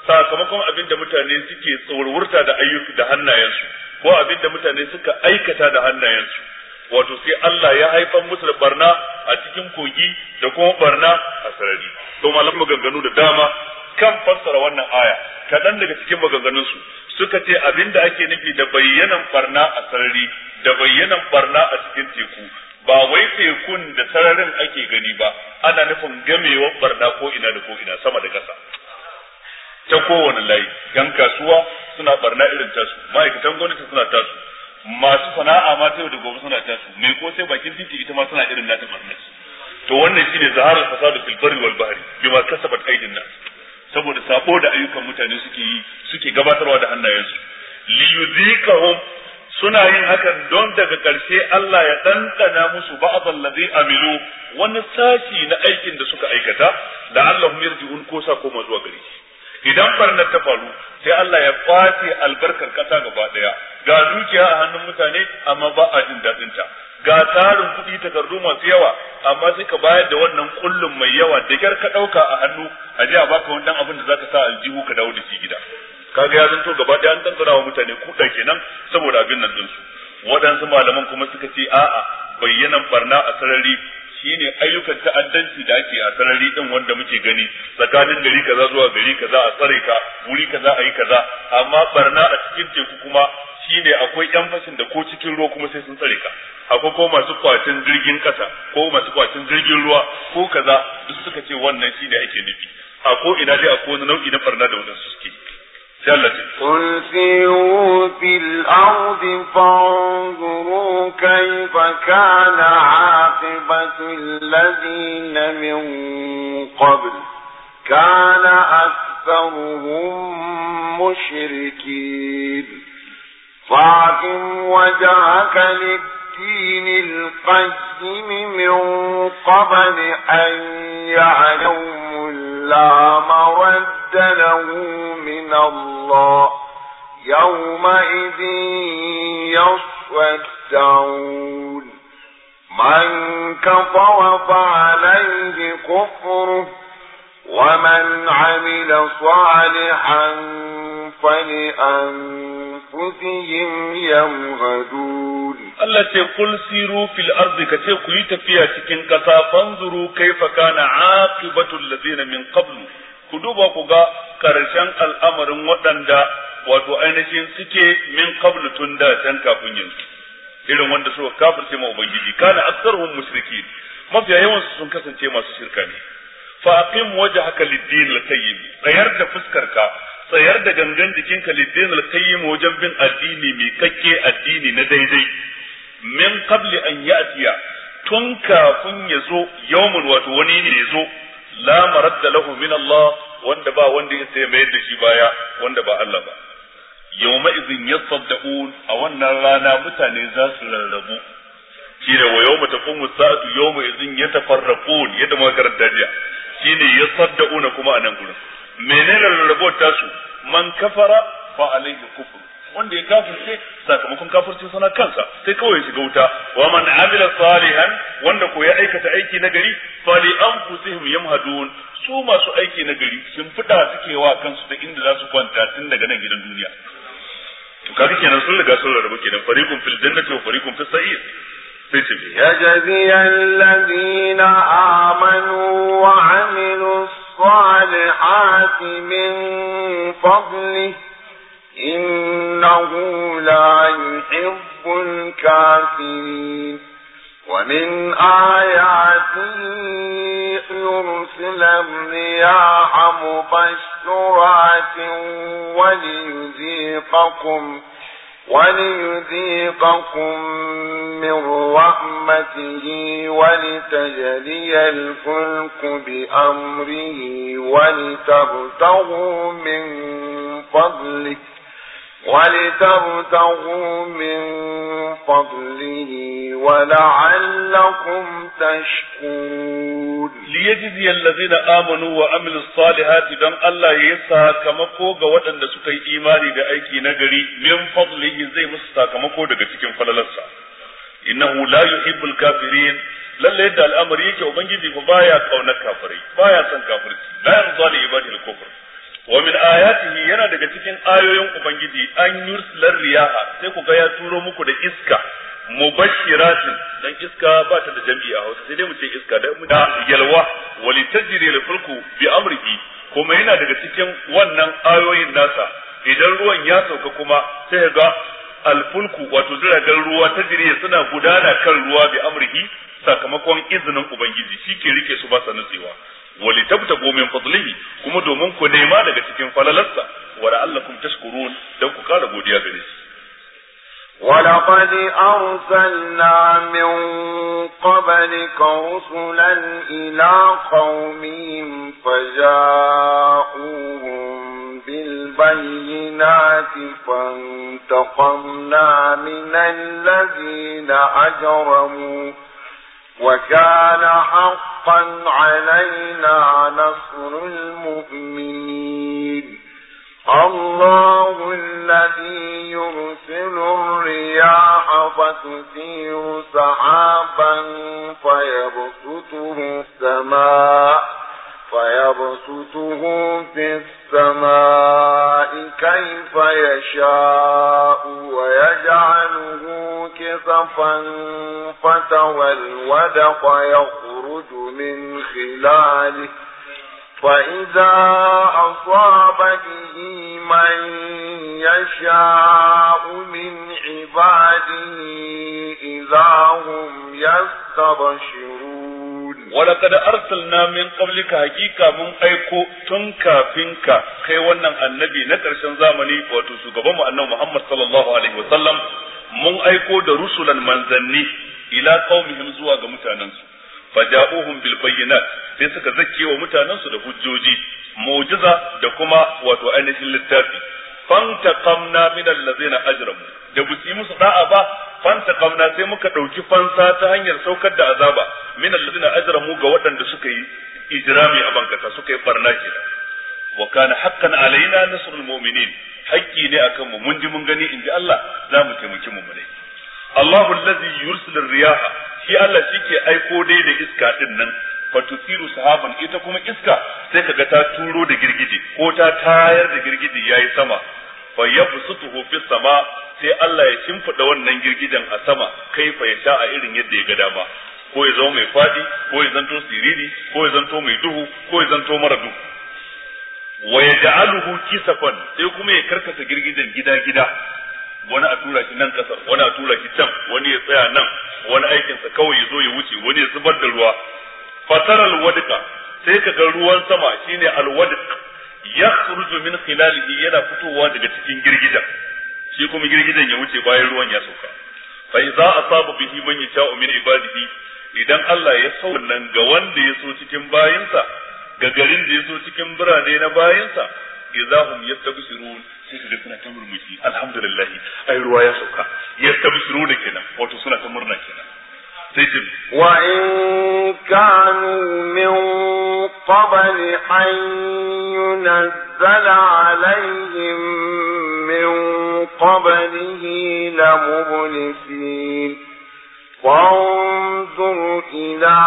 sakamakon abin da mutane suke tsorwurta da ayyuka da hannayensu ko abin da mutane suka aikata da hannayensu wato sai Allah ya haifar musu da barna a cikin kogi da kuma barna a sarari to malam maganganu da dama kan fassara wannan aya kaɗan daga cikin maganganunsu suka ce abin da ake nufi da bayyanan barna a sarari da bayyanan barna a cikin teku ba wai tekun da sararin ake gani ba ana nufin gamewar barna ko ina da ko ina sama da ƙasa ta kowane layi yan kasuwa suna barna irin tasu ma'aikatan gwamnati suna tasu masu sana'a ma ta yau da gobe suna su mai ko sai bakin titi ita ma suna irin nata barnaki to wannan shine zaharar fasadu fil barri wal bahri bima kasabat aydin nas saboda sabo da ayyukan mutane suke yi suke gabatarwa da hannayensu li yudhikahum suna yin hakan don daga karshe Allah ya dandana musu ba'd ladhi amilu wani sashi na aikin da suka aikata da Allah mirjiun ko sa koma zuwa gare idan barnar ta faru sai Allah ya kwace albarkar kasa gaba daya ga dukiya a hannun mutane amma ba a jin dadin ta ga tarin kuɗi takardu masu yawa amma sai ka bayar da wannan kullum mai yawa da kyar ka ɗauka a hannu a ji a baka wannan abin da zaka sa aljihu ka dawo da shi gida kaga ya zanto gaba daya an tantara wa mutane kuɗa kenan saboda abin nan su. waɗansu malaman kuma suka ce a'a bayyanan barna a sarari shine ayyukan ta'addanci da ake a sarari din wanda muke gani tsakanin gari kaza zuwa gari kaza a tsare ka wuri kaza a yi kaza amma barna a cikin teku kuma shine akwai yan fashin da ko cikin ruwa kuma sai sun tsare ka akwai ko masu kwacin jirgin kasa ko masu kwacin jirgin ruwa ko kaza duk suka ce wannan shine ake nufi a ko ina dai akwai wani nau'i na barna da wadansu suke قل سيروا في الأرض فانظروا كيف كان عاقبة الذين من قبل كان أكثرهم مشركين فاعتم وجهك للدين الدين القيم من قبل أن يعلم لا مرد له من الله يومئذ يصدعون من كفر فعليه كفره ومن عمل صالحا فلأنفسهم يمهدون Allah ce kul siru fil ardi ce ku yi tafiya cikin ƙasa fanzuru kaifa kana aqibatul ladina min qablu ku duba ku ga karshen al'amarin waɗanda wato ainihin suke min qablu tun da can kafin yanzu irin wanda suka kafirce ma ubangiji kana aktsaruhum mushrikin mafiya yawan sun kasance masu shirka ne fa aqim haka lid al tsayar da fuskarka tsayar da gangan jikinka lid al wajen bin addini mai kakke addini na daidai min qabli an ya'tiya tun kafin ya zo yawmul wato wani ne ya zo la maradda lahu min Allah wanda ba wanda ya sai mai da shi baya wanda ba Allah ba yawma idhin yasaddaqun a wannan rana mutane za su rarrabu shine wa yawma taqumu as-sa'atu yawma idhin yatafarraqun yadda muka karanta shine yasaddauna kuma a nan gurin menene rarrabuwar tasu man kafara fa alayhi kufr wanda ya kafirce sakamakon kafircin sana kansa sai kawai ya shiga wuta wa man amila salihan wanda ko ya aikata aiki na gari li anfusihim yamhadun su masu aiki na gari sun fida suke wa kansu da inda za su kwanta tun daga nan gidan duniya to kaga kenan sun riga sun rarrabu kenan fariqun fil jannati wa fariqun fis sa'ir فتنة يجزي الذين آمنوا وعملوا الصالحات من فضله إنه لا يحب الكافرين ومن آياته يرسل الرياح مبشرات وليذيقكم وليذيقكم من رحمته ولتجري الفلك بأمره ولتبتغوا من فضله ولتبتغوا من فضله ولعلكم تشكرون ليجزي الذين آمنوا وعملوا الصالحات دم الله يسا كما فوق وطن دا إيماني دا نجري من فضله زي مستا كما فوق دا تكين فللسا إنه لا يحب الكافرين lalle yadda al'amari yake ubangiji ba baya kaunar kafirai baya son kafirci la yarda li ibadil kufr wa min ayatihi yana daga cikin ayoyin ubangiji an yursilar riyaha sai ku ga ya turo muku da iska mubashiratin dan iska ba ta da jami'a a Hausa sai dai mu ce iska da mu da yalwa walitajri al-fulku bi amrihi kuma yana daga cikin wannan ayoyin nasa idan ruwan ya sauka kuma sai ga alfulku wato jiragen ruwa ta suna gudana kan ruwa bi amrihi sakamakon izinin ubangiji shi ke rike su ba sa ولتبتغوا من فضله كما دومن كو نيما دغ cikin فللسا ولعلكم تشكرون دك قال غوديا غني ولقد أرسلنا من قبلك رسلا إلى قومهم فجاءوهم بالبينات فانتقمنا من الذين أجرموا وكان حقا علينا نصر المؤمنين الله الذي يرسل الرياح فتثير سحابا فيبسطه السماء فيبسطه في السماء كيف يشاء ويجعله كسفا فتوى الودق يخرج من خلاله فإذا أصاب به من يشاء من عباده إذا هم يستبشرون ولقد أرسلنا من قبلك حقيقة من أيكو تنكا فينكا كي ونن النبي نكر شنزامني وتوسو قبم أنه محمد صلى الله عليه وسلم من أيكو رسلا منزني إلى قومهم زوا متاننسو فجاءوهم بالبينات sai suka zake wa mutanensu da hujjoji mu'jiza da kuma wato ainihin littafi fantaqamna min allazina ajramu da bu yi musu da'a ba fanta kamna sai muka ɗauki fansa ta hanyar saukar da azaba min alladina ajramu ga waɗanda suka yi ijrami a bankata suka yi barna ke wa kana haqqan alaina nasrul mu'minin haƙƙi ne akan mu mun ji mun gani inji Allah za mu taimaki mu mu Allahu allazi yursilu riyaha shi Allah shike aiko dai da iska din nan tusiru sahaban ita kuma iska sai kaga ta turo da girgije ko ta tayar da girgije yayi sama fa yabsutuhu fi sama sai Allah ya shimfida wannan girgijen a sama fa ya sha a irin yadda ya ga dama ko ya zama mai fadi ko ya zanto siriri ko ya zanto mai duhu ko ya zanto mara duhu wa ja'aluhu kisafan sai kuma ya karkasa girgijen gida gida wani a tura shi nan kasar wani a tura shi can wani ya tsaya nan wani aikinsa kawai ya zo ya wuce wani ya zubar da ruwa fataral wadika sai ka ga ruwan sama shine alwadik yakhruju min khilalihi yana fitowa daga cikin girgidan shi kuma girgidan ya wuce bayan ruwan ya sauka fa idza asaba bihi man yasha'u min ibadihi idan Allah ya sauka nan ga wanda ya so cikin bayinsa ga garin da ya so cikin birane na bayinsa hum yastabshirun sai su suna ta murmushi alhamdulillah ai ruwa ya sauka da kenan wato suna ta murna kenan وإن كانوا من قبل أن ينزل عليهم من قبله لمبلسين وانظر إلى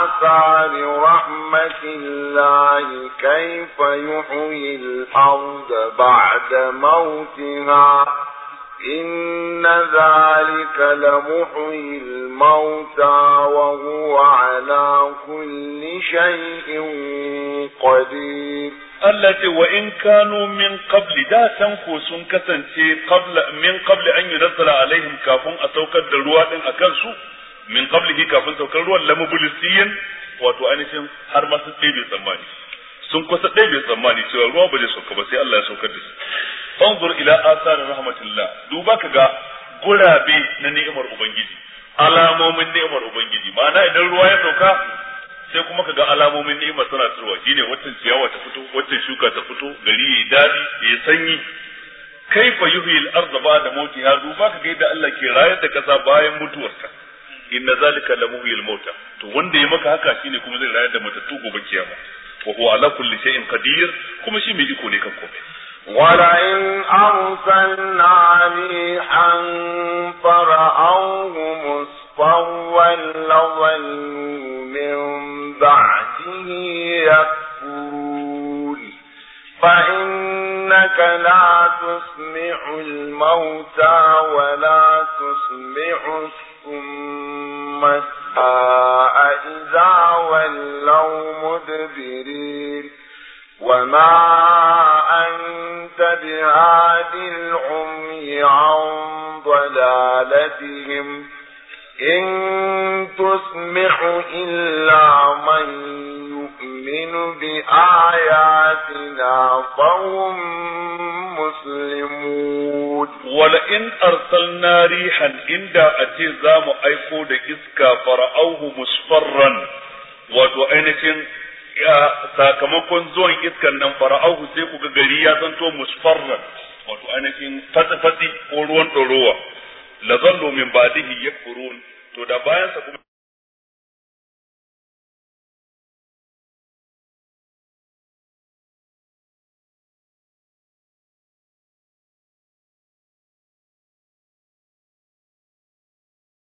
آثار رحمة الله كيف يحيي الأرض بعد موتها إن ذلك لمحي الموتى وهو على كل شيء قدير التي وإن كانوا من قبل دا تنكو سن كسنتي قبل من قبل أن ينزل عليهم كافون أتوكد الرواة أكنسو من قبله كافون توكد الرواة لمبلسين wato ainihin har ma sun ɗebe tsammani sun kusa ɗebe tsammani cewa ruwa ba zai sauka ba sai Allah ya saukar fanzur ila asar rahmatillah duba kaga gurabe na ni'imar ubangiji alamomin ni'imar ubangiji ma'ana idan ruwa ya sauka sai kuma kaga alamomin ni'imar suna turwa, shine waccan ciyawa ta fito waccan shuka ta fito gari ya dadi ya sanyi kaifa yuhyi al-ardh ba'da mautiha duba kaga yadda Allah ke rayar da kasa bayan mutuwarta inna zalika la muhyil mauta to wanda ya maka haka shine kuma zai rayar da matattu gobe kiyama wa huwa ala kulli shay'in qadir kuma shi mai iko ne kan komai ولئن أرسلنا ريحا فرأوه مصفوا لظلوا من بعده يكفرون فإنك لا تسمع الموتى ولا تسمع الصم الساء إذا ولوا مدبرين وما أنت بهاد العمي عن ضلالتهم إن تسمع إلا من يؤمن بآياتنا فهم مسلمون ولئن أرسلنا ريحا عند أتي زام أيقود إسكا فرأوه مسفرا وتؤنتين sakamakon zuwan iskan nan fara'ahu sai ku ga gari ya zanto musfarran wato ainihin fatsi-fatsi ko ruwan ɗorowa la zallu min ba'dihi yakfurun to da bayan sa kuma